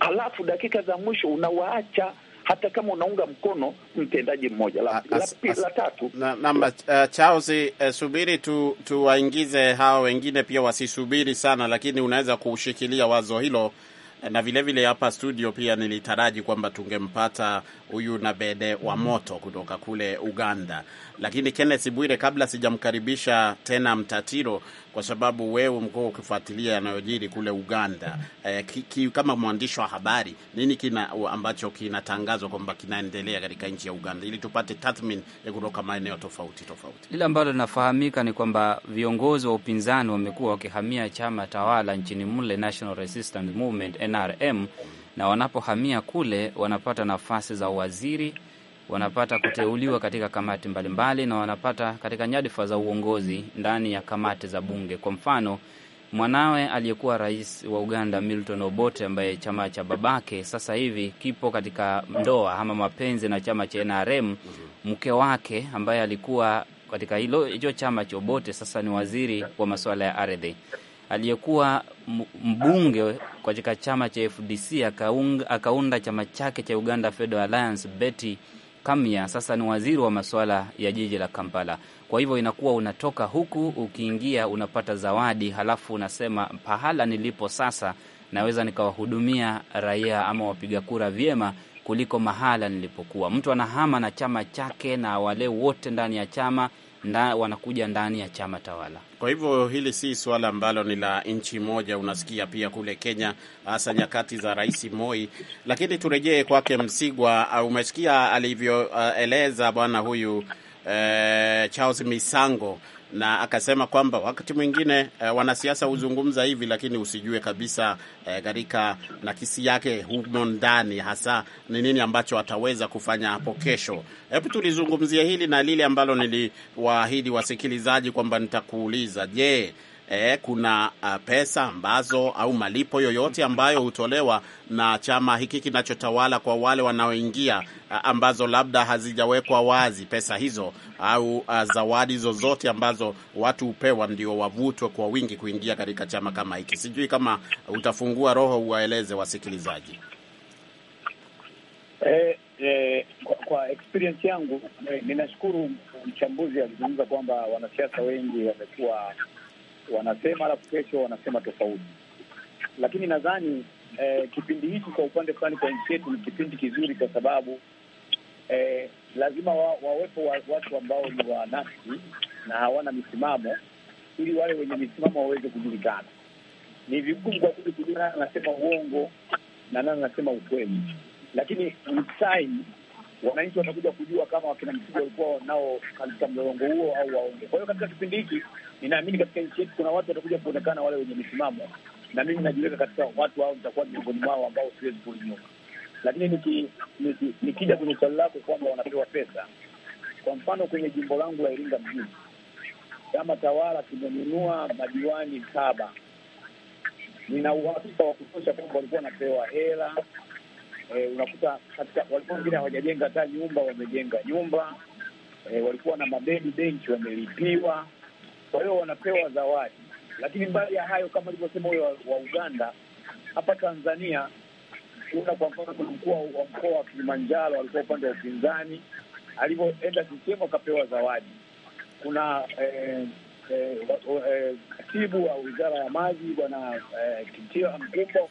C: alafu dakika za mwisho unawaacha hata kama unaunga mkono mtendaji mmoja. La, as, ah, la, as, la
A: tatu namba na, uh, eh, Charles uh, subiri tu tuwaingize hawa wengine pia wasisubiri sana, lakini unaweza kushikilia wazo hilo eh, na vilevile hapa vile studio pia nilitaraji kwamba tungempata huyu na bede wa mm-hmm. moto kutoka kule Uganda, lakini Kenneth Bwire, kabla sijamkaribisha tena Mtatiro, kwa sababu wewe umekuwa ukifuatilia yanayojiri kule Uganda eh, ki, ki, kama mwandishi wa habari, nini kina ambacho kinatangazwa kwamba kinaendelea katika nchi ya Uganda ili tupate tathmini ya kutoka maeneo tofauti tofauti?
B: Lile ambalo linafahamika ni kwamba viongozi wa upinzani wamekuwa wakihamia chama tawala nchini mule, National Resistance Movement NRM, na wanapohamia kule wanapata nafasi za uwaziri wanapata kuteuliwa katika kamati mbalimbali mbali, na wanapata katika nyadhifa za uongozi ndani ya kamati za bunge. Kwa mfano, mwanawe aliyekuwa rais wa Uganda Milton Obote, ambaye chama cha babake sasa hivi kipo katika ndoa ama mapenzi na chama cha NRM, mke wake ambaye alikuwa katika hilo hicho chama cha Obote sasa ni waziri wa masuala ya ardhi. Aliyekuwa mbunge katika chama cha FDC akaunda chama chake cha Uganda Federal Alliance Betty Kamya sasa ni waziri wa masuala ya jiji la Kampala. Kwa hivyo inakuwa unatoka huku ukiingia unapata zawadi, halafu unasema pahala nilipo sasa naweza nikawahudumia raia ama wapiga kura vyema kuliko mahala nilipokuwa. Mtu anahama na chama chake na wale wote ndani ya chama nda, wanakuja ndani ya chama tawala.
A: Kwa hivyo hili si suala ambalo ni la nchi moja, unasikia pia kule Kenya, hasa nyakati za Rais Moi. Lakini turejee kwake Msigwa. Umesikia alivyoeleza bwana huyu uh, Charles Misango na akasema kwamba wakati mwingine eh, wanasiasa huzungumza hivi, lakini usijue kabisa katika eh, nakisi yake humo ndani hasa ni nini ambacho ataweza kufanya hapo kesho. Hebu tulizungumzia hili na lile ambalo niliwaahidi wasikilizaji kwamba nitakuuliza, je, e, kuna pesa ambazo au malipo yoyote ambayo hutolewa na chama hiki kinachotawala kwa wale wanaoingia, ambazo labda hazijawekwa wazi pesa hizo au zawadi zozote ambazo watu hupewa ndio wavutwe kwa wingi kuingia katika chama kama hiki. Sijui kama utafungua roho uwaeleze wasikilizaji.
C: Eh, eh, kwa, kwa experience yangu eh, ninashukuru mchambuzi alizungumza kwamba wanasiasa wengi wamekuwa wanasema, alafu kesho wanasema tofauti. Lakini nadhani eh, kipindi hiki kwa upande fulani kwa nchi yetu ni kipindi kizuri, kwa sababu eh, lazima wa, wawepo wa, watu ambao ni wanafsi na hawana misimamo, ili wale wenye misimamo waweze kujulikana. Ni vigumu kwa kweli kujua nani anasema uongo na nani anasema ukweli, lakini msai wananchi watakuja kujua kama wakina Msuga walikuwa nao katika mlolongo huo au waonge. Kwa hiyo katika kipindi hiki ninaamini katika nchi yetu kuna watu watakuja kuonekana wale wenye misimamo, na mimi najiweka katika watu hao, nitakuwa miongoni mwao ambao siwezi kurudi nyuma. Lakini nikija kwenye swali lako kwamba wanapewa pesa, kwa mfano kwenye jimbo langu la Iringa mjini, chama tawala kimenunua madiwani saba. Nina uhakika wa kutosha kwamba walikuwa wanapewa hela e, unakuta katika walikuwa wengine hawajajenga hata nyumba, wamejenga nyumba e, walikuwa na mabedi benchi, wamelipiwa kwa hiyo wanapewa zawadi, lakini mbali mm. ya hayo, kama alivyosema huyo wa Uganda, hapa Tanzania kuna kwa mfano, kuna mkuu wa mkoa wa Kilimanjaro alikuwa upande wa upinzani, alivyoenda CCM akapewa zawadi. Kuna katibu eh, eh, eh wa wizara ya maji bwana eh, Kitia Mkumbo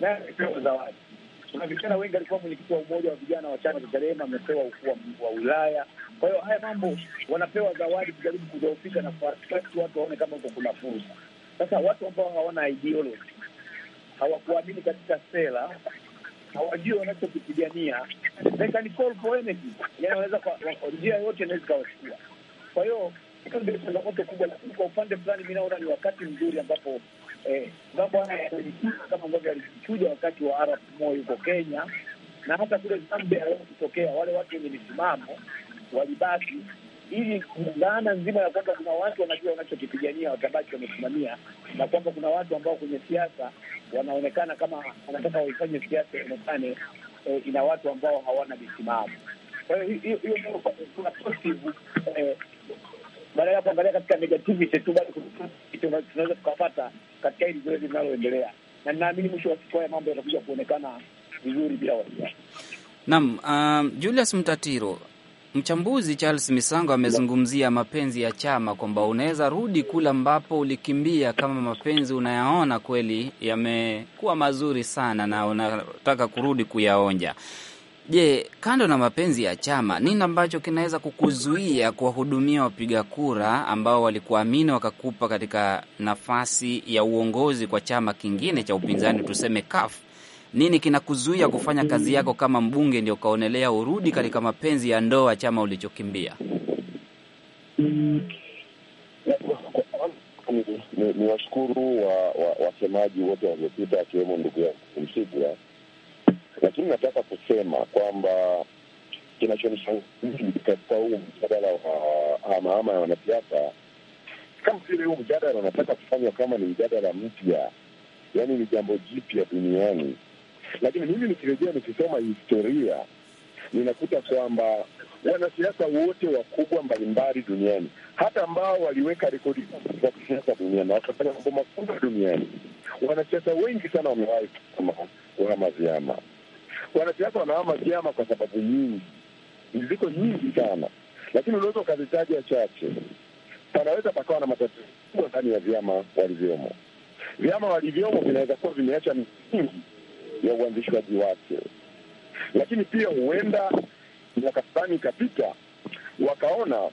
C: naye alipewa zawadi kuna vijana wengi, alikuwa mwenyekiti wa umoja wa vijana wa chama cha Chadema, amepewa ukuu wa wilaya. Kwa hiyo haya mambo wanapewa zawadi kujaribu kudhoofisha na kuwatu watu waone kama uko kuna fursa. Sasa watu ambao hawana ideology, hawakuamini katika sera, hawajui wanachokipigania, wanaweza njia yote inaweza ikawachukua. Kwa hiyo ndio changamoto kubwa, lakini kwa upande fulani mi naona ni wakati mzuri ambapo mambo haya yanajulikana kama ambavyo yalichuja wakati wa Arap Moi huko Kenya, na hata kule Zambia alipotokea wale watu wenye misimamo walibaki ili dhana nzima ya kwamba kuna watu wanajua wanachokipigania watabaki wamesimamia, na kwamba kuna watu ambao kwenye siasa wanaonekana kama wanataka waifanye siasa ionekane e, ina watu ambao hawana misimamo. Kwa hiyo hiyo kuna positive badala ya kuangalia katika negativity tu, bali tunaweza tukapata katika hili zoezi linaloendelea, na ninaamini mwisho wa siku haya mambo yatakuja kuonekana vizuri bila wasiwasi.
B: Naam, uh, Julius Mtatiro, mchambuzi Charles Misango amezungumzia mapenzi ya chama kwamba unaweza rudi kule ambapo ulikimbia kama mapenzi unayaona kweli yamekuwa mazuri sana na unataka kurudi kuyaonja. Je, kando na mapenzi ya chama, nini ambacho kinaweza kukuzuia kuwahudumia wapiga kura ambao walikuamini wakakupa katika nafasi ya uongozi kwa chama kingine cha upinzani, tuseme CUF? Nini kinakuzuia kufanya kazi yako kama mbunge, ndio ukaonelea urudi katika mapenzi ya ndoa chama ulichokimbia? Ni washukuru wasemaji wote waliopita, akiwemo ndugu yangu
C: Msigwa lakini nataka kusema kwamba kinachonishauri katika huu mjadala wa amahama ya wanasiasa, kama vile huu mjadala unataka kufanywa kama ni mjadala mpya, yaani ni jambo jipya duniani. Lakini mimi nikirejea, nikisoma historia, ninakuta kwamba wanasiasa wote wakubwa mbalimbali duniani, hata ambao waliweka rekodi za kisiasa duniani, wakafanya mambo makubwa duniani, wanasiasa wengi sana wamewahi kuhama vyama wanasiasa wanahama vyama kwa sababu nyingi, ziko nyingi sana, lakini unaweza ukazitaja chache. Panaweza pakawa na matatizo kubwa ndani ya vyama walivyomo. Vyama walivyomo vinaweza kuwa vimeacha misingi ya uanzishwaji wake, lakini pia huenda miaka fulani ikapita, wakaona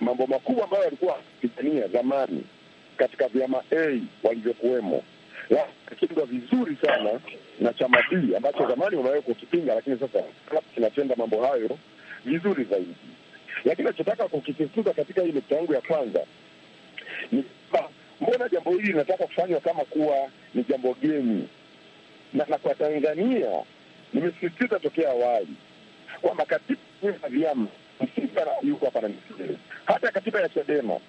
C: mambo makubwa ambayo walikuwa wakipigania zamani katika vyama A walivyokuwemo kinga vizuri sana na chama hii ambacho zamani wamewahi kukipinga, lakini sasa kinatenda mambo hayo vizuri zaidi. Lakini nachotaka kukisisitiza katika hii nukta yangu ya kwanza ni kwamba mbona jambo hili linataka kufanywa kama kuwa ni jambo geni, na, na kwa Tanzania nimesisitiza tokea awali kwamba katiba ya vyama yuko hapa na hata katiba ya Chadema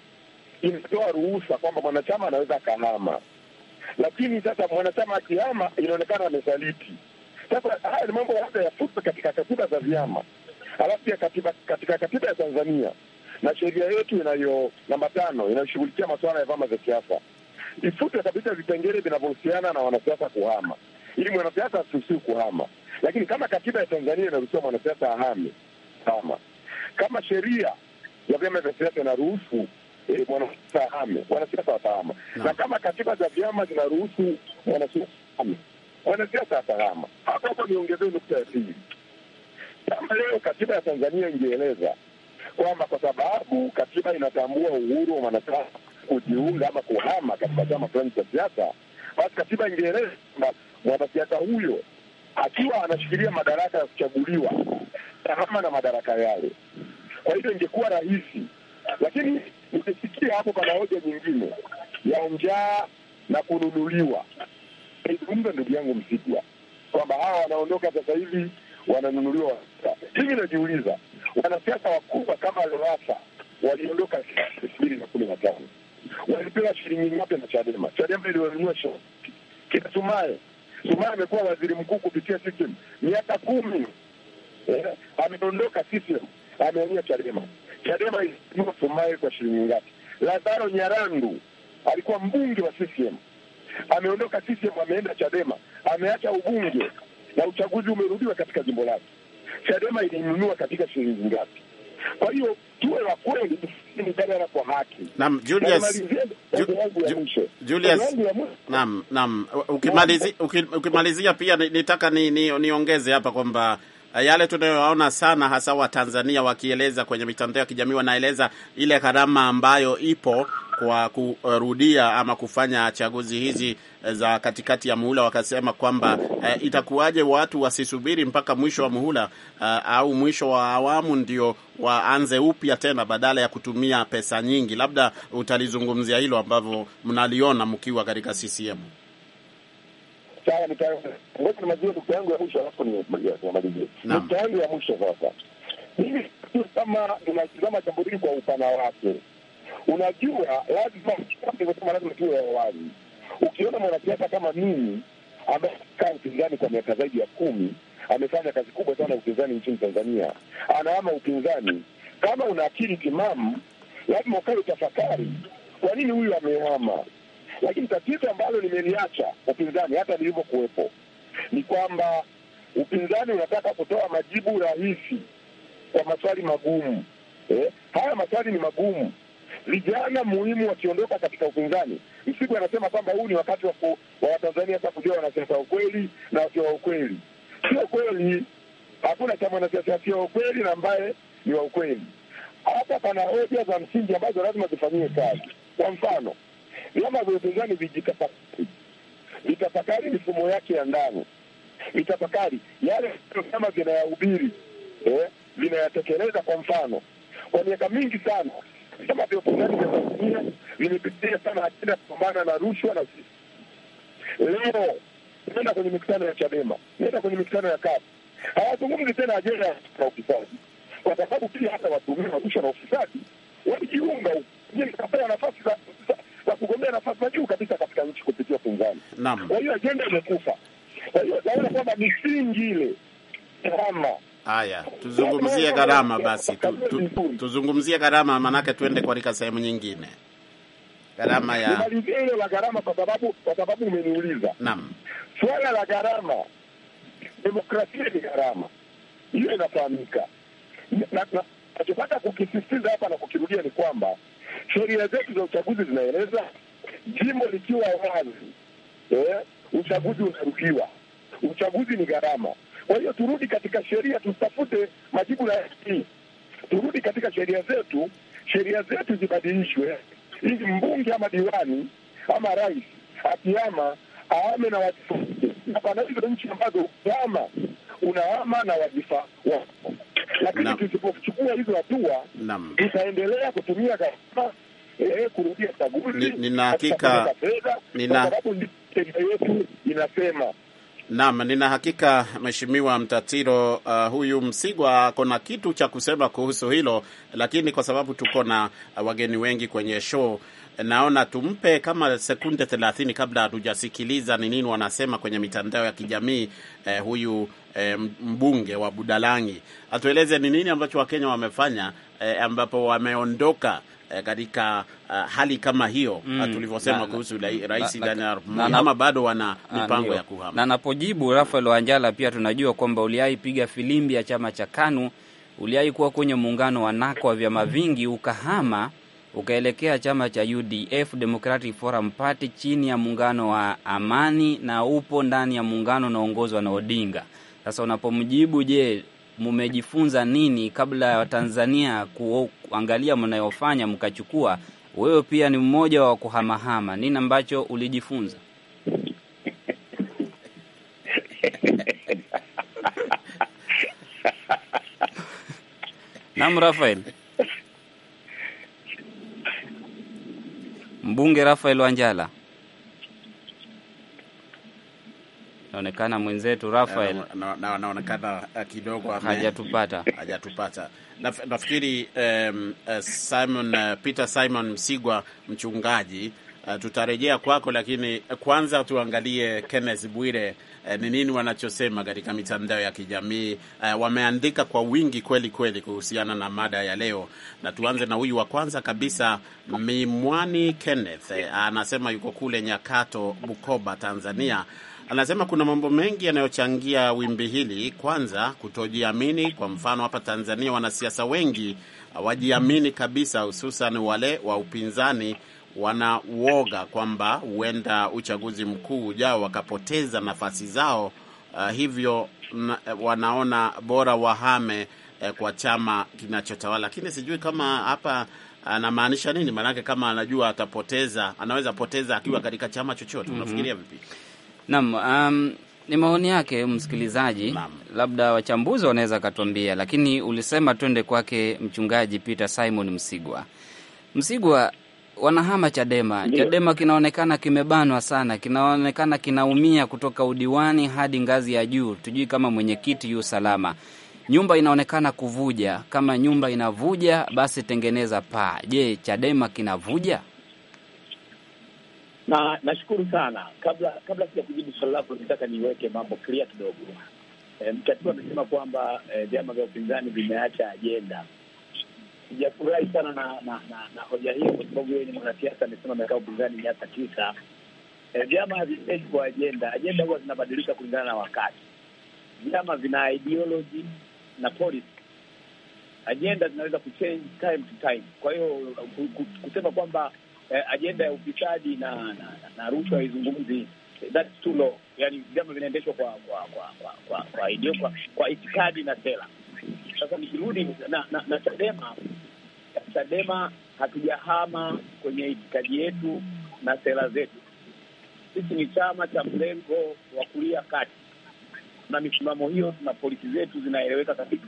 C: inatoa ruhusa kwamba mwanachama anaweza akahama lakini sasa mwanachama akihama inaonekana amesaliti. Sasa haya ni mambo labda fursa katika katiba za vyama, alafu pia katiba, katika katiba ya Tanzania na sheria yetu inayo namba tano inayoshughulikia masuala ya vyama vya siasa ifutwe kabisa vipengele vinavyohusiana na wanasiasa kuhama, ili mwanasiasa asiruhusiwe kuhama. Lakini kama katiba ya Tanzania inaruhusiwa mwanasiasa ahame, hama. Kama sheria ya vyama vya siasa inaruhusu eh, mwanasiasa ahame, wanasiasa watahama no. Na kama katiba za vyama zinaruhusu mwanasiasa ahame, mwanasiasa atahama. Hapo hapo niongezee nukta ya pili, kama leo katiba ya Tanzania ingeeleza kwamba kwa sababu katiba inatambua uhuru wa mwanasiasa kujiunga ama kuhama katika chama fulani cha siasa, basi katiba ingeeleza kwamba mwanasiasa huyo akiwa anashikilia madaraka ya kuchaguliwa tahama na madaraka yale. Kwa hivyo ingekuwa rahisi, lakini Nimesikia hapo pana hoja nyingine ya njaa na kununuliwa. Aizungumza ndugu yangu Msigwa kwamba hawa wanaondoka sasa hivi wananunuliwa wanasiasa. Hivi najiuliza wanasiasa wakubwa kama Lowassa waliondoka elfu mbili na kumi na tano walipewa shilingi ngapi na Chadema? Chadema iliwanunua sho kina Sumaye. Sumaye amekuwa waziri mkuu kupitia system miaka kumi, eh, ameondoka system, amehamia Chadema. Chadema ilinunua Sumaye kwa shilingi ngapi? Lazaro Nyarandu alikuwa mbunge wa CCM, ameondoka CCM, ameenda Chadema, ameacha ubunge na uchaguzi umerudiwa katika jimbo lake. Chadema ilinunua katika shilingi ngapi? Kwa hiyo tuwe wa kweli, mjadala kwa haki. Naam, Julius,
A: Julius, naam, naam. Ukimalizia pia nitaka niongeze hapa kwamba Eh, yale tunayoona sana, hasa Watanzania wakieleza kwenye mitandao ya kijamii, wanaeleza ile gharama ambayo ipo kwa kurudia ama kufanya chaguzi hizi eh, za katikati ya muhula, wakasema kwamba eh, itakuwaje watu wasisubiri mpaka mwisho wa muhula eh, au mwisho wa awamu ndio waanze upya tena badala ya kutumia pesa nyingi. Labda utalizungumzia hilo ambavyo mnaliona mkiwa katika CCM
C: ngoja nimalizie nukta yangu ya mwisho, alafu nimalizie nukta yangu ya mwisho. Sasa hivi kama inatizama jambo hili kwa upana wake, unajua lazima ilivyosema, lazima tuwe awali. Ukiona mwanasiasa kama mimi ambaye kaa upinzani kwa miaka zaidi ya kumi, amefanya kazi kubwa sana ya upinzani nchini Tanzania, anaama upinzani, kama una akili timamu, lazima ukae tafakari kwa nini huyu amehama lakini tatizo ambalo limeliacha upinzani hata nilivyokuwepo ni kwamba upinzani unataka kutoa majibu rahisi kwa maswali magumu. Eh, haya maswali ni magumu. Vijana muhimu wakiondoka katika upinzani, msiku anasema kwamba huu ni wakati wa Watanzania sa kujua wanasiasa wa ukweli na wasio wa ukweli. Sio kweli, hakuna cha mwanasiasa asio wa ukweli na ambaye ni wa ukweli. Hapa pana hoja za msingi ambazo lazima zifanyie kazi. Kwa mfano vyama vya upinzani vitafakari mifumo yake ya ndani, vitafakari yale vyama vinayahubiri eh, vinayatekeleza. Kwa mfano, kwa miaka mingi sana vyama vya upinzani vya Tanzania vilipitia sana ajenda ya kupambana na rushwa na leo nenda kwenye mikutano ya Chadema, nenda kwenye mikutano ya kafu, hawazungumzi tena ajenda ya ufisadi, kwa sababu pia hata watumia rushwa na ufisadi walijiunga huku, wengine wanapewa nafasi za kugombea nafasi za juu kabisa katika nchi kupitia upinzani. Kwa hiyo ajenda imekufa. Kwa hiyo naona kwamba misingi ile kama
A: Haya, tuzungumzie gharama basi, tu, tu, tuzungumzie gharama, maanake tuende katika sehemu nyingine. Gharama ya
C: nimalizie ile la gharama, kwa sababu kwa sababu umeniuliza. Naam, swala la gharama, demokrasia ni gharama, hiyo inafahamika. na, na, kukisisitiza hapa na kukirudia ni kwamba Sheria zetu za uchaguzi zinaeleza jimbo likiwa wazi, eh, uchaguzi unarudiwa. Uchaguzi ni gharama. Kwa hiyo turudi katika sheria, tutafute majibu ya hii, turudi katika sheria zetu, sheria zetu zibadilishwe ili mbunge ama diwani ama rais akiama aame na wajifunze. Hapana hizo nchi ambazo ukiama unaama na wajifa wako lakini tusipochukua hizo hatua tutaendelea kutumia gharama eh, kurudia chaguzi.
A: Nina hakika, nina
C: sababu yetu inasema
A: Naam, nina hakika Mheshimiwa Mtatiro, uh, huyu Msigwa ako na kitu cha kusema kuhusu hilo, lakini kwa sababu tuko na uh, wageni wengi kwenye show, naona tumpe kama sekunde thelathini kabla hatujasikiliza ni nini wanasema kwenye mitandao ya kijamii. Eh, huyu eh, mbunge wa Budalangi atueleze ni nini ambacho Wakenya wamefanya eh, ambapo wameondoka Eh, katika uh, hali kama hiyo
B: mm, eh, tulivyosema kuhusu rais ama bado wana ah, mipango ya kuhama. Na napojibu Rafael Wanjala, pia tunajua kwamba piga filimbi ya chama cha KANU, uliai kuwa kwenye muungano wa NACO wa vyama vingi, ukahama ukaelekea chama cha UDF, Democratic Forum Party, chini ya muungano wa Amani, na upo ndani ya muungano unaongozwa na Odinga. Sasa unapomjibu, je, mmejifunza nini kabla ya Tanzania kuangalia mnayofanya mkachukua? Wewe pia ni mmoja wa kuhamahama, nini ambacho ulijifunza? Naam, Rafael mbunge Rafael Wanjala. naonekana mwenzetu Rafael
A: naonekana eh, kidogo hajatupata hajatupata. Nafikiri um, Simon uh, Peter Simon Msigwa mchungaji uh, tutarejea kwako, lakini kwanza tuangalie Kenneth Bwire ni nini wanachosema katika mitandao ya kijamii uh, wameandika kwa wingi kweli kweli kuhusiana na mada ya leo, na tuanze na huyu wa kwanza kabisa, Mimwani Kenneth anasema uh, yuko kule Nyakato, Bukoba, Tanzania. Anasema kuna mambo mengi yanayochangia wimbi hili. Kwanza, kutojiamini. Kwa mfano, hapa Tanzania wanasiasa wengi hawajiamini kabisa, hususan wale wa upinzani wana uoga kwamba huenda uchaguzi mkuu ujao wakapoteza nafasi zao. Uh, hivyo na, eh, wanaona bora wahame eh, kwa chama kinachotawala. Lakini sijui kama hapa anamaanisha nini, maanake kama anajua atapoteza,
B: anaweza poteza akiwa katika chama chochote. Mm-hmm. Unafikiria mm -hmm. vipi? Naam, um, ni maoni yake msikilizaji. Naam. Labda wachambuzi wanaweza katuambia, lakini ulisema twende kwake mchungaji Peter Simon Msigwa. Msigwa, wanahama Chadema. Ndiyo. Chadema kinaonekana kimebanwa sana, kinaonekana kinaumia kutoka udiwani hadi ngazi ya juu, tujui kama mwenyekiti yu salama. Nyumba inaonekana kuvuja. Kama nyumba inavuja, basi tengeneza paa. Je, Chadema kinavuja?
C: na nashukuru sana. Kabla kabla sija kujibu swali lako, nitaka niweke mambo clear kidogo. E, mkatibu amesema kwamba eh, vyama e, vya upinzani vimeacha ajenda. Sijafurahi sana na, na, na, na hoja hiyo, kwa sababu yeye ni mwanasiasa, amesema amekaa upinzani miaka tisa. Eh, vyama e, kwa ajenda. Ajenda huwa zinabadilika kulingana na wakati. Vyama vina ideology na policy ajenda zinaweza kuchange time to time. Kwa hiyo kusema kwamba eh, ajenda ya ufisadi na na, na, na rushwa haizungumzi, that's too low. Yani vyama vinaendeshwa kwa kwa kwa kwa kwa, kwa, idio, kwa, kwa itikadi na sera. Sasa nikirudi na, na, na Chadema, Chadema hatujahama kwenye itikadi yetu na sera zetu. Sisi ni chama cha mlengo wa kulia kati na misimamo hiyo na polisi zetu zinaeleweka kabisa.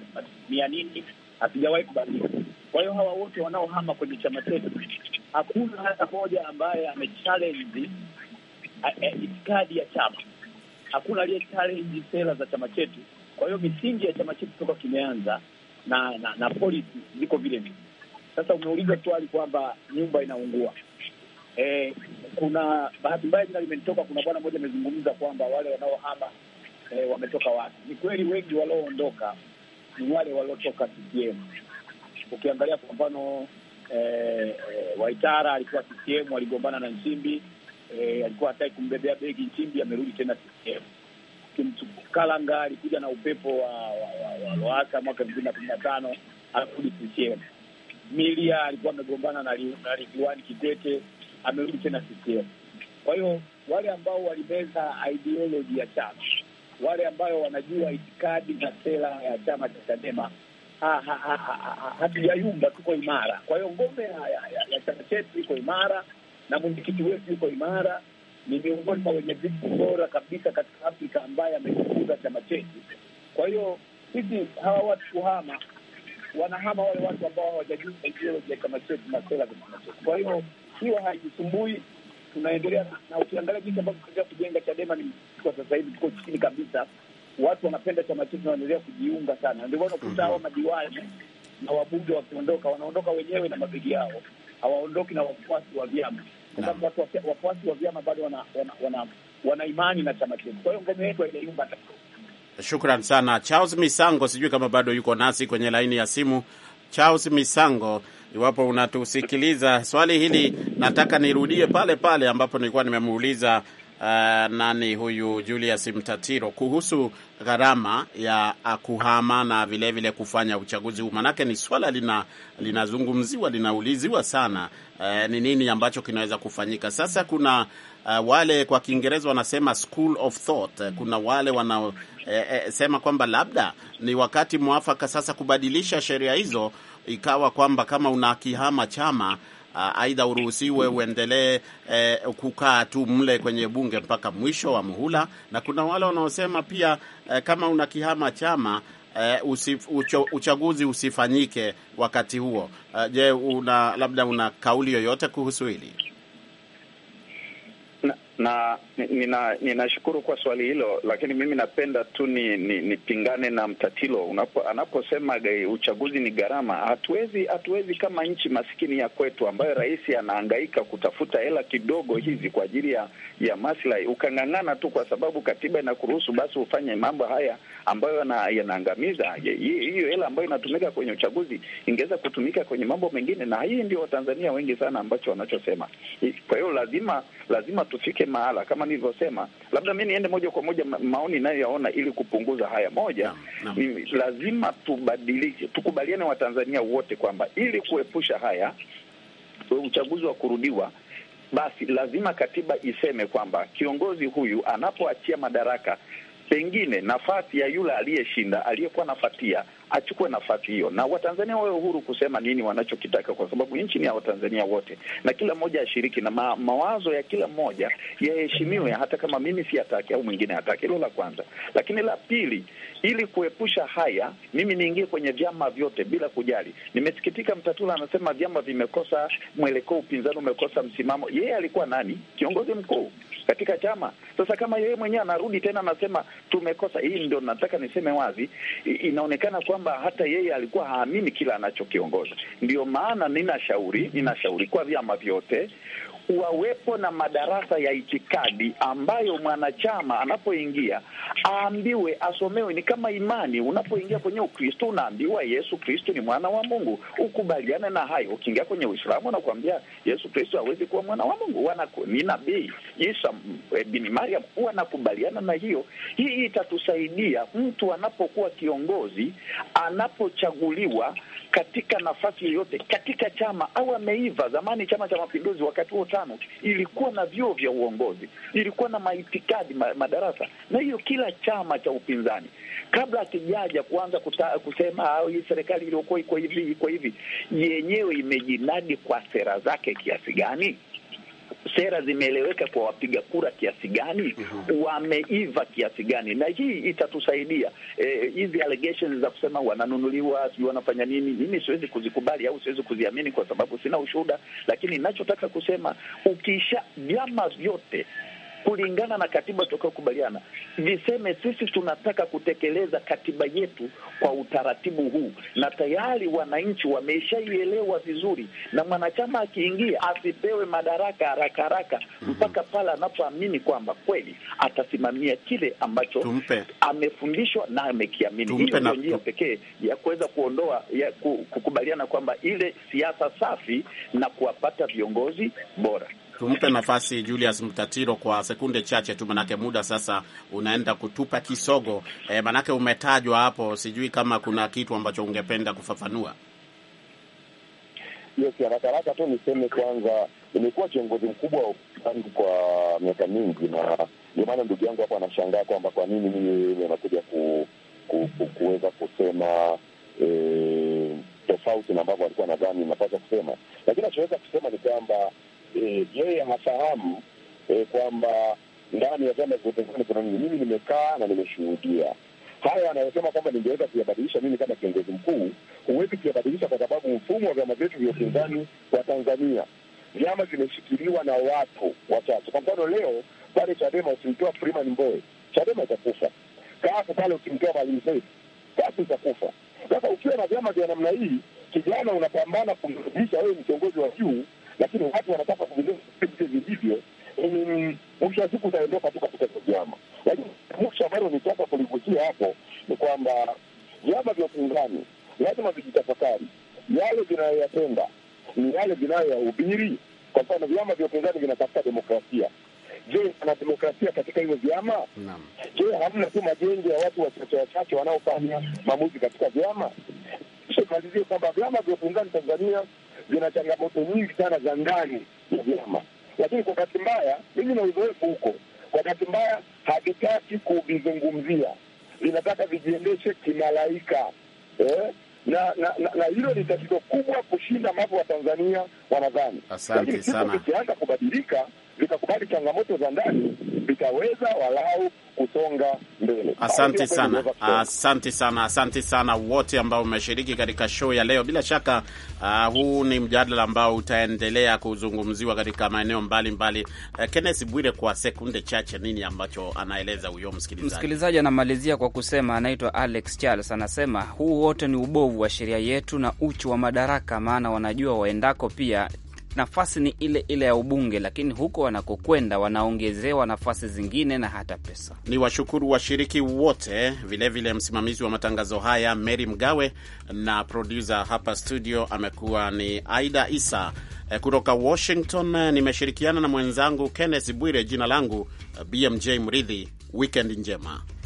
C: Ni ya nini? Hatujawahi kubadilika. Kwa hiyo hawa wote wanaohama kwenye chama chetu, hakuna hata moja ambaye amechallenge eh, eh, itikadi ya chama, hakuna aliye challenge sera za chama chetu. Kwa hiyo misingi ya chama chetu toka kimeanza na na, na polisi ziko vile vile. Sasa umeuliza swali kwamba nyumba inaungua. E, kuna bahati mbaya jina limenitoka. Kuna bwana mmoja amezungumza kwamba wale wanaohama e, wametoka wapi? Ni kweli wengi walioondoka ni wale waliotoka CCM ukiangalia kwa mfano e, Waitara alikuwa CCM, aligombana na Nchimbi e, alikuwa hataki kumbebea begi Nchimbi, amerudi tena CCM. Kalanga alikuja na upepo wa, wa, wa, wa Loasa mwaka elfu mbili na kumi na tano amerudi CCM. Milia alikuwa amegombana na Ridhiwani Kikwete amerudi tena CCM. Kwa hiyo wale ambao walimeza ideology ya chama, wale ambao wanajua itikadi na sera ya chama cha Chadema hatujayumba, tuko imara. Kwa hiyo ngome ya chama chetu iko imara na mwenyekiti wetu yuko imara, ni miongoni mwa wenye viti bora kabisa katika Afrika ambaye amekifunza chama chetu. Kwa hiyo sisi hawa watu kuhama wanahama wale watu ambao hawajajua ideoloji ya chama chetu na sera za chama chetu. Kwa hiyo hiyo haijisumbui, tunaendelea na ukiangalia jinsi ambavyo tunaendelea kujenga Chadema ni kwa sasa hivi tuko chini kabisa watu wanapenda chama chetu wanaendelea kujiunga sana. Ndio maana ukuta hawa mhm. madiwani na wabunge wakiondoka, wanaondoka wenyewe na mabegi yao, hawaondoki na wafuasi wa vyama, kwa sababu watu wafuasi wa vyama bado wana, wana, wana, wana imani na chama chetu. Kwa hiyo ngome yetu haijayumba
A: Shukran sana Charles Misango, sijui kama bado yuko nasi kwenye laini ya simu. Charles Misango, iwapo unatusikiliza, swali hili nataka nirudie pale pale ambapo nilikuwa nimemuuliza uh, nani huyu Julius Mtatiro kuhusu gharama ya kuhama na vilevile vile kufanya uchaguzi huu, manake ni swala lina linazungumziwa linauliziwa sana. Uh, ni nini ambacho kinaweza kufanyika sasa? Kuna uh, wale kwa Kiingereza wanasema school of thought. Kuna wale wanaosema eh, kwamba labda ni wakati mwafaka sasa kubadilisha sheria hizo, ikawa kwamba kama unakihama chama Uh, aidha uruhusiwe uendelee eh, kukaa tu mle kwenye bunge mpaka mwisho wa muhula, na kuna wale wanaosema pia eh, kama unakihama chama eh, usif, ucho, uchaguzi usifanyike wakati huo. Uh, je, una labda una kauli yoyote kuhusu hili?
C: na ninashukuru nina kwa swali hilo, lakini mimi napenda tu nipingane ni, ni na mtatilo unapo, anaposema uchaguzi ni gharama. Hatuwezi hatuwezi kama nchi masikini ya kwetu ambayo rais anaangaika kutafuta hela kidogo hizi kwa ajili ya, ya maslahi ukang'ang'ana tu kwa sababu katiba inakuruhusu basi ufanye mambo haya ambayo yanaangamiza. Hiyo hela ambayo inatumika kwenye uchaguzi ingeweza kutumika kwenye mambo mengine, na hii ndio Watanzania wengi sana ambacho wanachosema. Kwa hiyo lazima lazima tufike mahala kama nilivyosema, labda mi niende moja kwa moja maoni inayoyaona ili kupunguza haya. Moja no, no. lazima tubadilike, tukubaliane Watanzania wote kwamba ili kuepusha haya uchaguzi wa kurudiwa basi lazima katiba iseme kwamba kiongozi huyu anapoachia madaraka pengine nafasi ya yule aliyeshinda aliyekuwa nafatia achukue nafasi hiyo, na Watanzania wawe uhuru kusema nini wanachokitaka, kwa sababu nchi ni ya Watanzania wote, na kila mmoja ashiriki na ma mawazo ya kila mmoja yaheshimiwe, hata kama mimi si atake au mwingine atake. Hilo la kwanza, lakini la pili, ili kuepusha haya, mimi niingie kwenye vyama vyote bila kujali. Nimesikitika Mtatula anasema vyama vimekosa mwelekeo, upinzani umekosa msimamo. Yeye alikuwa nani kiongozi mkuu katika chama? Sasa kama yeye mwenyewe anarudi tena anasema tumekosa hii, ndio nataka niseme wazi, inaonekana kwa kwamba hata yeye alikuwa haamini kila anachokiongoza. Ndio maana ninashauri, ninashauri kwa vyama vyote wawepo na madarasa ya itikadi ambayo mwanachama anapoingia aambiwe, asomewe. Ni kama imani, unapoingia kwenye Ukristo unaambiwa Yesu Kristo ni mwana wa Mungu, ukubaliane na hayo. Ukiingia kwenye Uislamu kuambia Yesu Kristo hawezi kuwa mwana wa Mungu, wanaku ni nabii Isa eh, bin Mariam, wanakubaliana na hiyo. Hii itatusaidia mtu anapokuwa kiongozi, anapochaguliwa katika nafasi yoyote katika chama au ameiva. Zamani Chama cha Mapinduzi wakati huo tano ilikuwa na vyuo vya uongozi, ilikuwa na maitikadi ma, madarasa na hiyo kila chama cha upinzani kabla akijaja kuanza kuta, kusema au ah, hii serikali iliyokuwa iko hivi iko hivi, yenyewe imejinadi kwa sera zake kiasi gani? sera zimeeleweka kwa wapiga kura kiasi gani, mhm. wameiva kiasi gani, na hii itatusaidia eh, hizi e, allegations za kusema wananunuliwa sijui wanafanya nini, mimi siwezi kuzikubali au siwezi kuziamini kwa sababu sina ushuhuda, lakini ninachotaka kusema ukisha vyama vyote kulingana na katiba tutakayokubaliana, viseme sisi tunataka kutekeleza katiba yetu kwa utaratibu huu, na tayari wananchi wameshaielewa vizuri, na mwanachama akiingia asipewe madaraka haraka haraka mhm. mpaka pale anapoamini kwamba kweli atasimamia kile ambacho tumpe, amefundishwa na amekiamini. Hiyo ndio njia pekee ya kuweza kuondoa ya kukubaliana kwamba ile siasa safi na kuwapata viongozi bora
A: tumpe nafasi Julius Mtatiro kwa sekunde chache tu, manake muda sasa unaenda kutupa kisogo. E, manake umetajwa hapo, sijui kama kuna kitu ambacho ungependa kufafanua.
C: Yes, haraka haraka tu niseme kwanza, imekuwa kiongozi mkubwa wa kwa miaka mingi, na ndio maana ndugu yangu hapo anashangaa kwamba kwa nini mimi anakuja ku, ku, ku, kuweza kusema e, tofauti na ambavyo alikuwa nadhani napaswa kusema, lakini anachoweza kusema ni kwamba Eh, yeye hafahamu e, eh, kwamba ndani ya vyama vya upinzani kuna nini. Mimi nimekaa na nimeshuhudia haya anayosema kwamba ningeweza kuyabadilisha mimi kama kiongozi mkuu, huwezi kuyabadilisha kwa sababu mfumo wa vyama vyetu vya upinzani wa Tanzania, vyama vimeshikiliwa na watu wachache. Kwa mfano leo pale Chadema ukimtoa Freeman Mbowe, Chadema itakufa. Kafu pale ukimtoa Maalim Seif, Kafu itakufa. Sasa ukiwa na vyama vya namna hii, kijana unapambana kumrudisha wewe ni kiongozi wa juu Asante sana. Vikianza kubadilika vikakubali changamoto za ndani, vitaweza walau kusonga mbele. Asante sana,
A: asante sana, asante sana wote ambao mmeshiriki katika show ya leo. Bila shaka uh, huu ni mjadala ambao utaendelea kuzungumziwa katika maeneo mbalimbali. Uh, Kenneth Bwire, kwa sekunde chache, nini ambacho anaeleza huyo msikilizaji?
B: Msikilizaji anamalizia kwa kusema, anaitwa Alex Charles, anasema huu wote ni ubovu wa sheria yetu na uchu wa madaraka, maana wanajua waendako pia nafasi ni ile ile ya ubunge, lakini huko wanakokwenda wanaongezewa nafasi zingine na hata pesa.
A: Ni washukuru washiriki wote, vilevile msimamizi wa matangazo haya Mary Mgawe na produsa hapa studio amekuwa ni Aida Isa. Eh, kutoka Washington eh, nimeshirikiana na mwenzangu Kenneth Bwire. Jina langu eh, BMJ Mridhi. Wikendi njema.